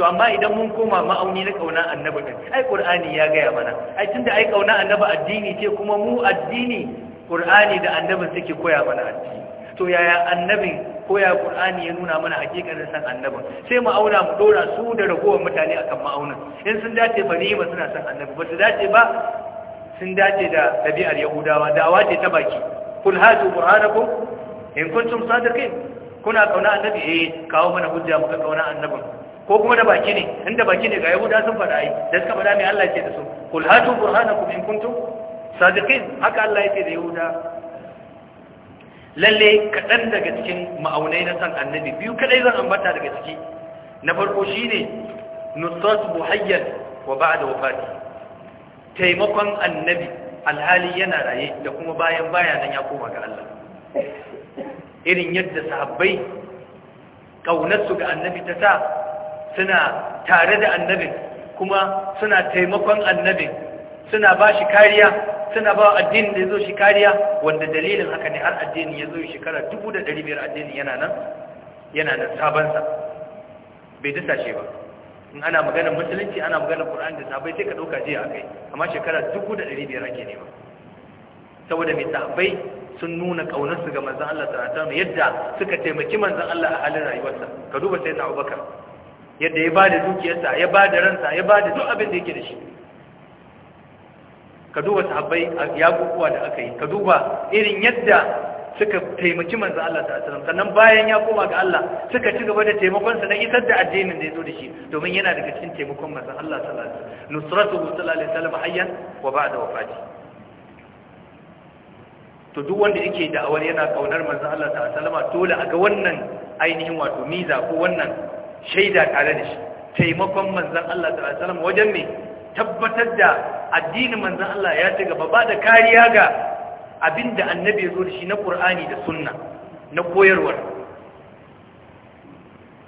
to amma idan mun koma ma'auni na kauna annabi din ai qur'ani ya gaya mana ai tunda ai kauna annabi addini ce kuma mu addini qur'ani da annabi suke koya mana addini to yaya annabin koya qur'ani ya nuna mana hakikarin san annabi sai mu auna mu dora su da ragowar mutane akan ma'aunin in sun dace ba ni ba suna san annabi ba su dace ba sun dace da dabi'ar yahudawa da ce ta baki kul hatu burhanakum in kuntum sadiqin kuna kauna annabi eh kawo mana hujja muka kauna annabi ko kuma da baki ne inda baki ne ga yahuda sun faɗa yi da suka faɗa mai Allah ce da su kul hatu burhanakum in kuntum sadiqin haka Allah yake da yahuda lalle kaɗan daga cikin ma'aunai na san annabi biyu kaɗai zan ambata daga ciki na farko shine ne nusrat buhayyar wa ba wafati taimakon annabi alhali yana raye da kuma bayan baya nan ya koma ga Allah irin yadda sahabbai su ga annabi ta sa suna tare da annabin kuma suna taimakon annabin suna ba shi kariya suna ba addinin da ya zo shi kariya wanda dalilin haka ne har addinin ya zo shekara 1500 addinin yana nan yana nan sabansa bai dasa ba in ana maganar musulunci ana maganar ƙur'ani da sabai sai ka ɗauka jiya a kai amma shekara 1500 ake nema saboda mai sabai sun nuna ƙaunarsu ga manzan Allah sallallahu yadda suka taimaki manzan Allah a halin rayuwarsa ka duba sai na Abubakar yadda ya ba da dukiyarsa ya ba da ransa ya ba da duk abin da yake da shi ka duba sahabbai ya kukuwa da aka yi ka duba irin yadda suka taimaki manzan Allah ta asirin sannan bayan ya koma ga Allah suka ci gaba da taimakon na isar da addinin da ya zo da shi domin yana daga cikin taimakon manzan Allah sallallahu alaihi wasallam salama, sallallahu alaihi wasallam hayyan wa ba'da wafati to duk wanda yake awar yana kaunar manzan Allah ta sallama dole a ga wannan ainihin wato miza ko wannan shaida tare da shi taimakon manzan Allah sallallahu alaihi wasallam wajen me tabbatar da addinin manzan Allah ya ci gaba ba da kariya ga abinda annabi ya zo da shi na Qur'ani da sunna na koyarwar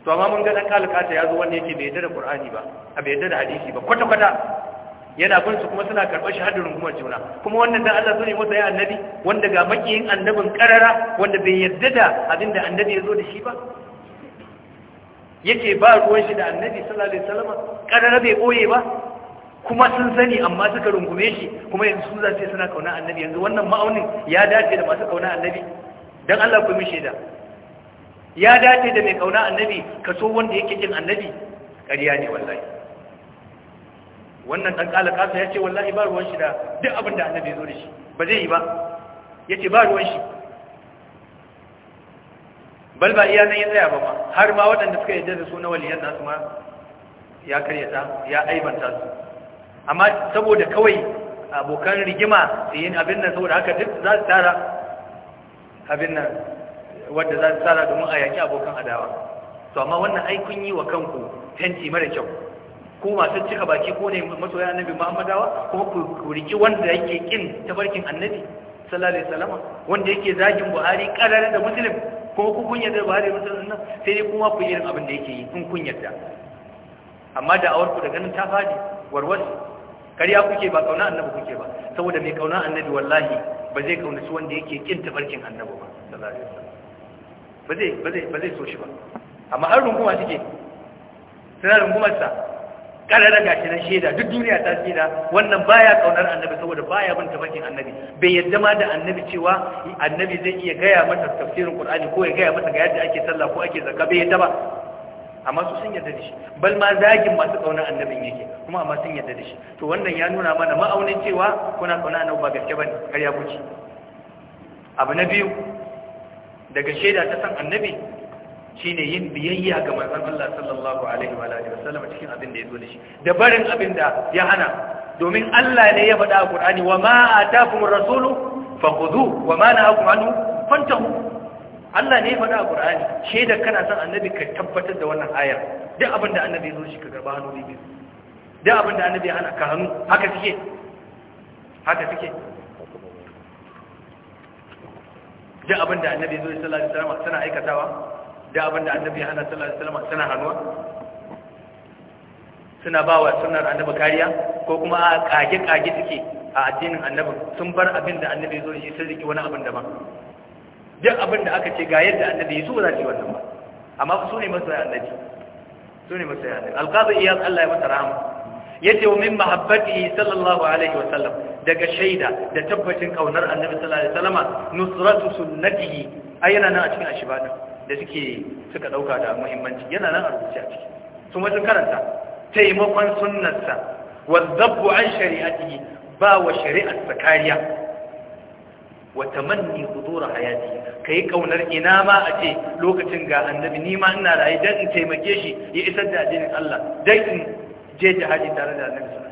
to amma mun ga dan kalkata ya zo wanda yake bai yarda da Qur'ani ba a bai yarda da hadisi ba kwata kwata yana bin su kuma suna karɓar shahadarin kuma juna kuma wannan dan Allah zai masa ya annabi wanda ga makiyin annabin karara wanda bai yarda da abinda annabi ya zo da shi ba yake ba ruwan shi da annabi sallallahu alaihi wasallam kadara bai boye ba kuma sun sani amma suka rungume shi kuma yanzu su zace suna kauna annabi yanzu wannan ma'aunin ya dace da masu kauna annabi dan Allah ku mishe da ya dace da mai kauna annabi kaso wanda yake kin annabi ƙarya ne wallahi wannan dan kala kasa yace wallahi ba ruwan shi da duk abin da annabi zo da shi ba zai yi ba yace ba ruwan shi bal ba iya nan ya tsaya ba ma har ma waɗanda suka yi da suna waliyan nasu ma ya karyata ya aibanta su amma saboda kawai abokan rigima su yi abin nan saboda haka duk za su tara abin nan wadda za su tara domin a yaƙi abokan adawa to amma wannan ai kun yi wa kanku fenti mara kyau ko masu cika baki ko ne masoya annabi muhammadawa ko ku riki wanda yake kin tabarkin annabi sallallahu alaihi wasallam wanda yake zagin buhari karar da muslim ko ku kun yarda Buhari mutum musulunta nan sai dai kuma ku yi irin abin da yake yi kun kun yarda amma da awarku da ganin ta fadi warwas kariya kuke ba kauna annabi kuke ba saboda mai kauna annabi wallahi ba zai kaunaci wanda yake kin tabarkin annabi ba sallallahu alaihi wasallam ba zai ba zai ba zai so shi ba amma har runguma take suna rungumar sa da gashi na shaida duk duniya ta tsira wannan baya kaunar annabi saboda baya bin tafakin annabi bai yadda ma da annabi cewa annabi zai iya gaya mata tafsirin qur'ani ko ya gaya mata ga yadda ake sallah ko ake zakka bai yadda ba amma su sun yadda da shi bal ma zagin masu kaunar annabin yake kuma amma sun yadda da shi to wannan ya nuna mana ma'aunin cewa kuna kauna annabi ba gaske bane kariya ya abu na biyu daga shaida ta san annabi shine yin biyayya ga manzon Allah sallallahu alaihi wa alihi wasallam cikin abin da zo da shi da barin abin da ya hana domin Allah ne ya faɗa a Qur'ani wa ma atakumur rasulu fakhudhu wa ma nahakum anhu fantahu Allah ne ya faɗa a Qur'ani shaidar kana son annabi ka tabbatar da wannan ayar duk abin da annabi ya zo shi ka garba hannu ne duk abin da annabi ya hana ka hannu haka suke haka suke duk abin da annabi ya zo sallallahu alaihi wasallam tana aikatawa da abin da annabi ya hana sallallahu alaihi wasallam suna hannuwa suna ba wa sunnar annabi kariya ko kuma a kage kage suke a addinin annabi sun bar abin da annabi zo shi sun riki wani abin da ba. duk abin da aka ce ga yadda annabi ya so za su wannan ba amma su ne masoya annabi su ne masoya annabi alqazi iyaz Allah ya masa rahama yace wa min mahabbati sallallahu alaihi wa sallam daga shaida da tabbacin kaunar annabi sallallahu alaihi wa sallama nusratu sunnatihi ayyana na a cikin ashibada da suke suka dauka da muhimmanci yana nan a rubuce a ciki sun wajen karanta taimakon sunnarsa wazzabu an shari'ati ba wa shari'ar zakariya wa tamanni hudura hayati kai kaunar ina ma a ce lokacin ga annabi ni ma ina raye dan in taimake shi ya isar da addinin Allah dan in je jihadi tare da annabi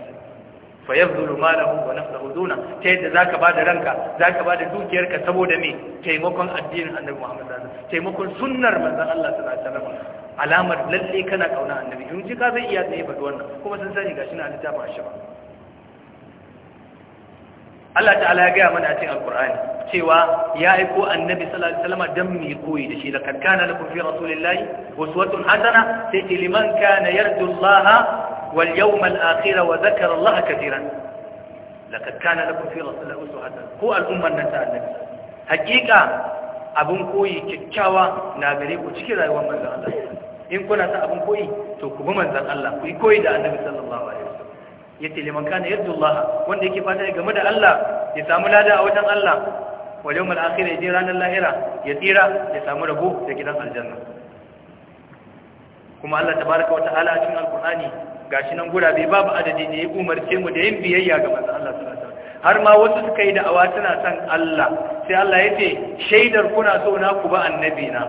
fa yabdulu malahu wa nafsuhu duna ta yadda zaka bada ranka zaka bada dukiyarka saboda me taimakon addinin Annabi Muhammad sallallahu alaihi wasallam taimakon sunnar manzon Allah sallallahu alaihi wasallam alamar lalle kana kauna Annabi in ji ka zai iya tsaye faɗi wannan kuma sun sani gashi na littafin shi ba Allah ta'ala ya gaya mana a cikin Al-Qur'ani cewa ya aiko Annabi sallallahu alaihi wasallam dan mu koyi da shi da kankana lakum fi rasulillahi uswatun hasana sai liman kana yarju Allah واليوم الآخر وذكر الله كثيرا لقد كان لكم في رسول الله أسوة هو الأمة النساء حقيقة abin koyi kyakkyawa na gare ku cikin rayuwar manzan Allah in kuna ta abin koyi to ku bi manzan Allah ku yi koyi da annabi sallallahu alaihi wasallam yace liman kana yadullah wanda yake fata ya game da Allah ya samu lada a wajen Allah wal yawmal akhir ya je ranar lahira ya tsira ya samu rabo da gidan aljanna kuma Allah tabaraka wa ta'ala cikin alqur'ani gashi nan bai babu adadi ne ya umarce mu da yin biyayya ga manzon Allah sallallahu alaihi wasallam har ma wasu suka yi da'awa suna son Allah sai Allah ya ce shaidar kuna so na ku ba annabi na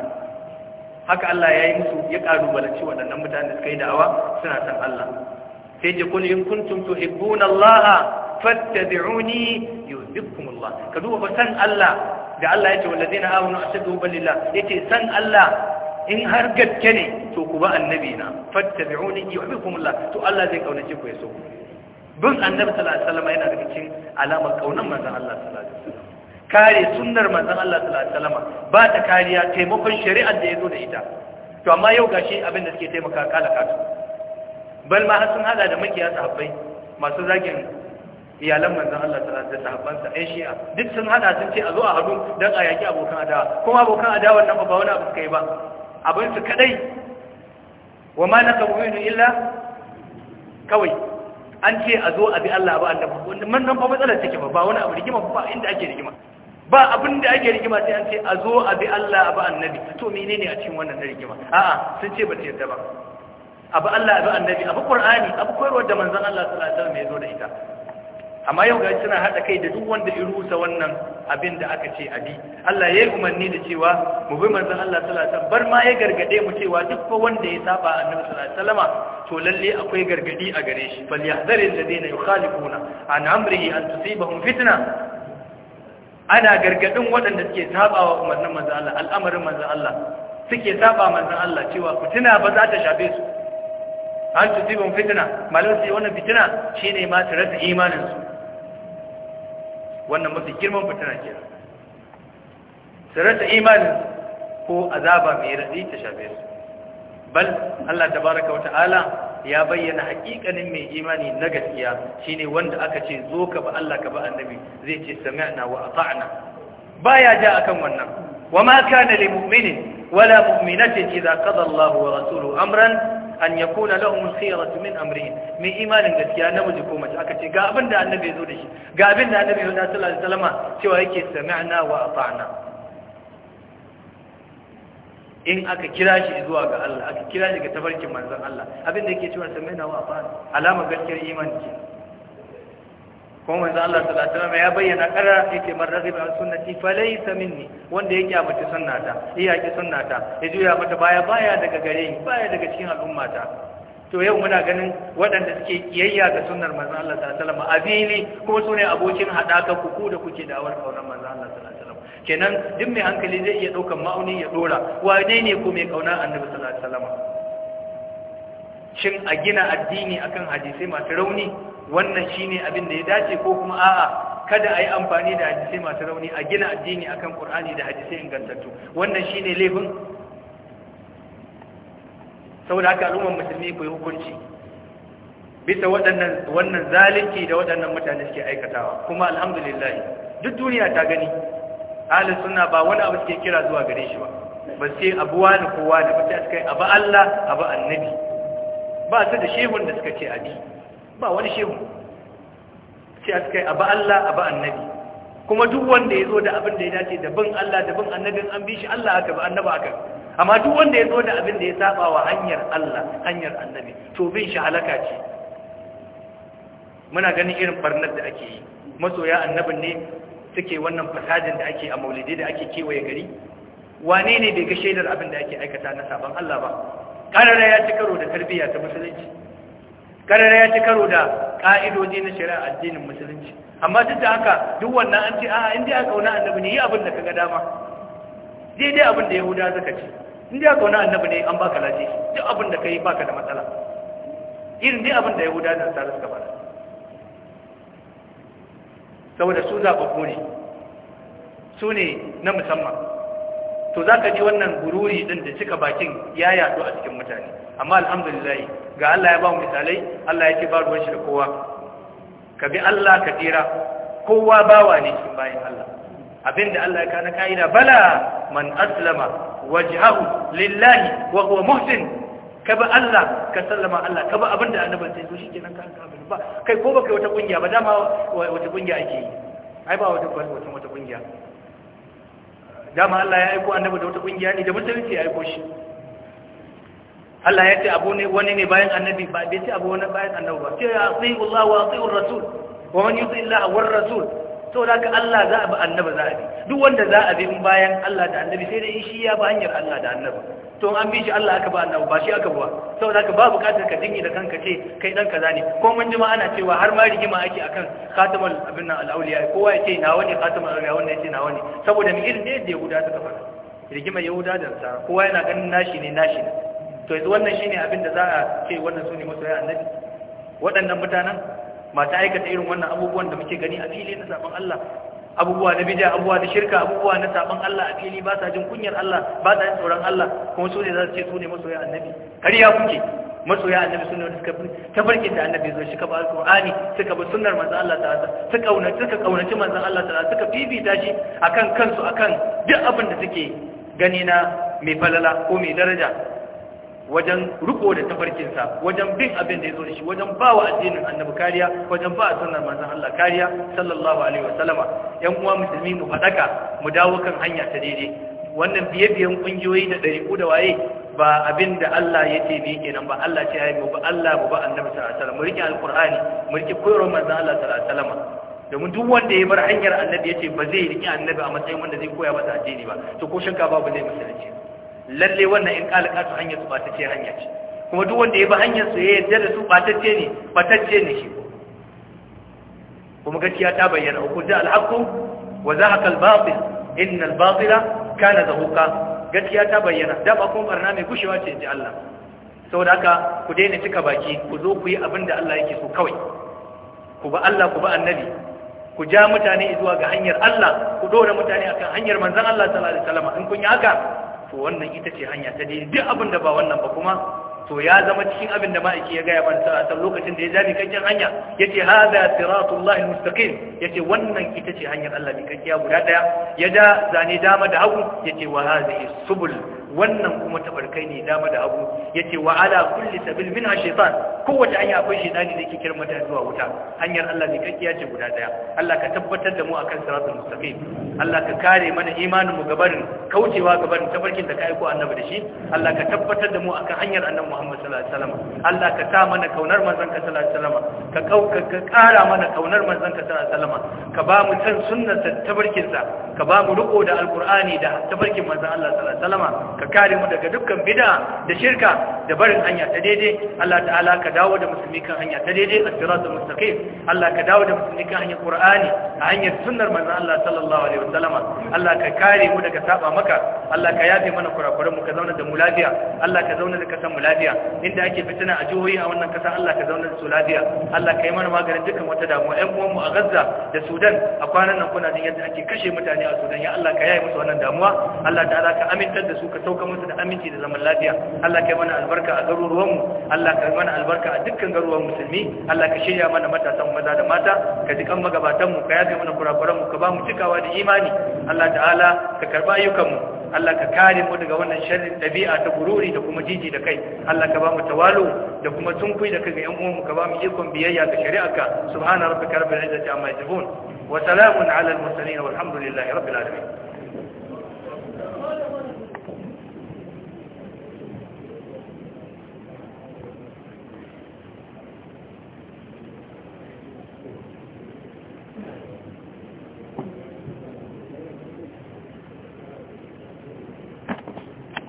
haka Allah ya yi musu ya karu balanci waɗannan mutanen da suka yi da'awa suna son Allah sai ce kun in kuntum tuhibbuna Allah fattabi'uni yuhibbukum Allah ka duba san Allah da Allah ya ce wallazina amanu ashaddu billah yace san Allah in har gaske ne to ku ba annabi na fattabi'uni yuhibbukumullah to Allah zai kaunace ku yaso bin annabi sallallahu alaihi wasallam yana daga cikin alamar kaunar manzon Allah sallallahu alaihi wasallam kare sunnar manzon Allah sallallahu alaihi wasallam ba ta kariya taimakon shari'ar da yazo da ita to amma yau gashi abin da suke taimaka kala katu bal ma sun hada da makiya sahabbai masu zagin iyalan manzon Allah sallallahu alaihi wasallam sahabban sa Aisha duk sun hada sun ce a zo a hadu dan a yaki abokan adawa kuma abokan adawa nan ba wani abu kai ba Abin su kadai wa ma na kamuhinu illa kawai an ce a zo a bi Allah ba annabi wanda man nan ba matsalar take ba ba wani abu rigima ba inda ake rigima ba abin da ake rigima sai an ce a zo a bi Allah ba annabi to menene a cikin wannan rigima a'a sun ce ba ta yarda ba abu Allah abu annabi abu Qur'ani abu koyarwar da manzon Allah sallallahu alaihi wasallam ya zo da ita amma yau ga suna haɗa kai da duk wanda ya rusa wannan abin da aka ce abi Allah ya yi umarni da cewa mu bi manzon Allah sallallahu alaihi wasallam bar ma ya gargade mu cewa duk fa wanda ya saba annabi sallallahu alaihi wasallama to lalle akwai gargadi a gare shi Bal yahdari alladhina yukhalifuna an amrihi an tusibahum fitna ana gargadin waɗanda suke sabawa umarnin manzon Allah al'amarin manzon Allah suke saba manzon Allah cewa fitina ba za ta shafe su an tusibin fitina malamai su wannan fitina shine ma su rasa imaninsu wannan mafi girman fitina ke su rasa imaninsu ko azaba mai raɗi ta shafe su bal Allah tabaraka wata'ala ya bayyana hakikanin mai imani na gaskiya shine wanda aka ce zo ka ba Allah ka ba annabi zai ce sami'na wa ata'na baya ja akan wannan Wa wama kana lil mu'minin wala mu'minatin idza qada Allahu wa rasuluhu amran an yakuna lahum khiyaratu min amri, mai imanin gaskiya na namiji ko mace aka ce ga abin da annabi ya zo da shi ga abin da annabi ya zo da salatu alaihi cewa yake sami'na wa ata'na in aka kira shi zuwa ga Allah aka kira shi ga tabarkin manzon Allah abin da yake cewa sami'na wa ata'na alama gaskiyar imani ce kuma manzo Allah sallallahu alaihi wasallam ya bayyana kara yake man raghiba an falai ta minni wanda yake abuci sunnata iyaki sunnata ya juya mata baya baya daga gare ni baya daga cikin al'ummata to yau muna ganin waɗanda suke kiyayya ga sunnar manzo Allah sallallahu alaihi wasallam ne? kuma ne abokin hadaka ku ku da kuke da'awar kaunar manzo Allah ta alaihi kenan duk mai hankali zai iya ɗaukar ma'auni ya ɗora. wane ne ko mai kaunar annabi sallallahu alaihi wasallam shin a gina addini akan hadisi masu rauni wannan shine abin da ya dace ko kuma a'a kada a yi amfani da hadisai masu rauni a gina addini akan Kur'ani da hadisai ingantattu wannan shine laifin saboda haka al'ummar musulmi ku yi hukunci bisa waɗannan wannan zalunci da waɗannan mutane suke aikatawa kuma alhamdulillah duk duniya ta gani ahlus sunna ba wani abu suke kira zuwa gare shi ba ba sai abu wani kowa da ba sai suka yi abu Allah abu annabi ba su da shehun da suka ce abi ba wani shehu ce suka yi abu Allah abu annabi kuma duk wanda ya zo da abin da ya dace da bin Allah da bin annabin an bi shi Allah aka ba annaba aka amma duk wanda ya zo da abin da ya saba wa hanyar Allah hanyar annabi to bin shi halaka ce muna ganin irin barnar da ake yi masoya annabin ne suke wannan fasajin da ake a maulidi da ake kewaye gari wane ne bai ga shaidar abin da ake aikata na saban Allah ba karara ya ci karo da tarbiyya ta musulunci karara ya ci karo da ka'idoji na shari'a addinin musulunci amma duk da haka duk wannan an ce a inda dai aka kauna annabi ne yi abin da kaga dama daidai abin da yahuda suka ce in dai aka kauna annabi ne an baka lafiya duk abin da kai baka da matsala irin dai abin da yahuda da tsara suka fara saboda su zaɓaɓɓu ne su ne na musamman to za ka ji wannan gururi din da cika bakin ya yado a cikin mutane amma alhamdulillah ga Allah ya ba mu misalai Allah ya ce ba ruwan shi da kowa ka bi Allah ka tira kowa bawa ne cikin bayan Allah abinda Allah ya kana kaida bala man aslama wajhahu lillahi wa huwa muhsin ka bi Allah ka sallama Allah ka bi abinda annabi sai to shikenan ka ka ba kai ko kai wata kungiya ba dama wata kungiya ake yi ai ba wata wata kungiya dama Allah ya aiko annabi da wata kungiya ne da musulunci ya aiko shi Allah ya ce abu ne wani ne bayan annabi ba bai ce abu wani bayan annabi ba ce ya tsayi Allah wa tsayi rasul wa man yuti Allah wa rasul to da ka Allah za a bi annaba za a bi duk wanda za a bi in bayan Allah da annabi sai dai shi ya bi hanyar Allah da annaba to an bi shi Allah aka ba annabi ba shi aka buwa saboda ka ba bukatar ka dinge da kanka ce kai dan kaza ne ko mun jima ana cewa har ma rigima ake akan khatamul abin nan al-awliya kowa ya ce nawa ne khatamul awliya wannan ya na nawa ne saboda mi irin ne da Yahuda ta kafa rigima Yahuda da sa, kowa yana ganin nashi ne nashi ne to yanzu wannan shine abin da za a ce wannan sune masoya annabi waɗannan mutanen mata aikata irin wannan abubuwan da muke gani a fili na saban Allah abubuwa na bija abubuwa na shirka abubuwa na saban Allah a fili ba sa jin kunyar Allah ba sa jin tsoron Allah kuma su ne za su ce su ne masoya annabi kariya kuke masoya annabi sunna da suka farke da annabi zo shi ka ba alqur'ani suka bi sunnar manzon Allah ta suka kauna suka kaunaci manzon Allah ta suka fifita shi akan kansu akan duk abin da suke gani na mai falala ko mai daraja wajen riko da tafarkinsa wajen bin abin da ya zo da shi wajen ba wa addinin annabi kariya wajen ba a sunnar manzon Allah kariya sallallahu alaihi wasallama yan uwa musulmi mu fadaka mu dawo kan hanya ta daidai wannan biye-biyen ƙungiyoyi da ɗari ku da waye ba abin da Allah ya ce ne kenan ba Allah ce ya mu ba Allah mu ba annabi sallallahu alaihi wasallam mu riƙe alqur'ani mu riƙe koyarwar manzon Allah sallallahu alaihi wasallama domin duk wanda ya bar hanyar annabi ya ce ba zai riƙe annabi a matsayin wanda zai koya masa addini ba to ko shinka babu zai musulunci lalle wannan in kala kasu hanyar su batacce hanya ce kuma duk wanda ya bi hanyar su ya yarda da su batacce ne batacce ne shi kuma gaskiya ta bayyana ko da al wa zahaqa albatil inna albatila kana zahuka gaskiya ta bayyana da ba kun barna mai gushewa ce ji Allah saboda haka ku daina cika baki ku zo ku yi abin da Allah yake so kawai ku ba Allah ku ba annabi ku ja mutane zuwa ga hanyar Allah ku dora mutane akan hanyar manzon Allah sallallahu alaihi wasallam in kun yi haka to wannan ita ce hanya ta dai duk abin da ba wannan ba kuma to ya zama cikin abin da ma'aiki ya gaya banta a lokacin da ya jami kankin hanya ya ce haza siratullahi mustaqim ya ce wannan ita ce hanyar Allah mai kankiya guda daya ya da zane dama da hagu ya ce wa hazihi subul wannan kuma tabarkai ne dama da abu yace wa ala kulli sabil min ash kowace hanya akwai shaytani da yake kiran mutane zuwa wuta hanyar Allah ne kakkiya ce guda daya Allah ka tabbatar da mu akan siratul mustaqim Allah ka kare mana imanin mu gabarin kaucewa gabarin tabarkin da ka aiko annabi da shi Allah ka tabbatar da mu akan hanyar annabi Muhammad sallallahu alaihi wasallam Allah ka sa mana kaunar manzon ka sallallahu alaihi wasallam ka kauka ka kara mana kaunar manzon ka sallallahu alaihi wasallam ka ba mu san sunnar tabarkin sa ka ba mu riko da alqur'ani da tabarkin manzon Allah sallallahu alaihi wasallam ka kare mu daga dukkan bid'a da shirka da barin hanya ta daidai Allah ta'ala ka dawo da musulmi kan hanya ta daidai as-siratal mustaqim Allah ka dawo da musulmi kan hanyar Qur'ani a hanyar sunnar manzon Allah sallallahu alaihi wasallama Allah ka kare mu daga saba maka Allah ka yafe mana kurakuran mu ka zauna da mu lafiya Allah ka zauna da kasan mu lafiya inda ake fitina a jihohi a wannan kasa Allah ka zauna da su lafiya Allah ka yi mana maganin dukkan wata damuwa ƴan uwanmu a Gaza da Sudan a kwanan nan kuna jin yadda ake kashe mutane a Sudan ya Allah ka yaye musu wannan damuwa Allah ta'ala ka amintar da su ka sauka mutu da aminci da zaman lafiya Allah kai mana albarka a garuruwanmu Allah kai mana albarka a dukkan garuruwan musulmi Allah ka shirya mana matasan maza da mata ka ji kan magabatanmu ka yafe mana kurakuranmu ka ba mu cikawa da imani Allah ta'ala ka karba ayyukanmu Allah ka kare mu daga wannan sharrin dabi'a ta gururi da kuma jiji da kai Allah ka ba mu tawalu da kuma tunkui da kaga yan uwanmu ka ba mu ikon biyayya ga shari'arka subhana rabbika rabbil izzati amma yasifun wa salamun ala al mursalin walhamdulillahi rabbil alamin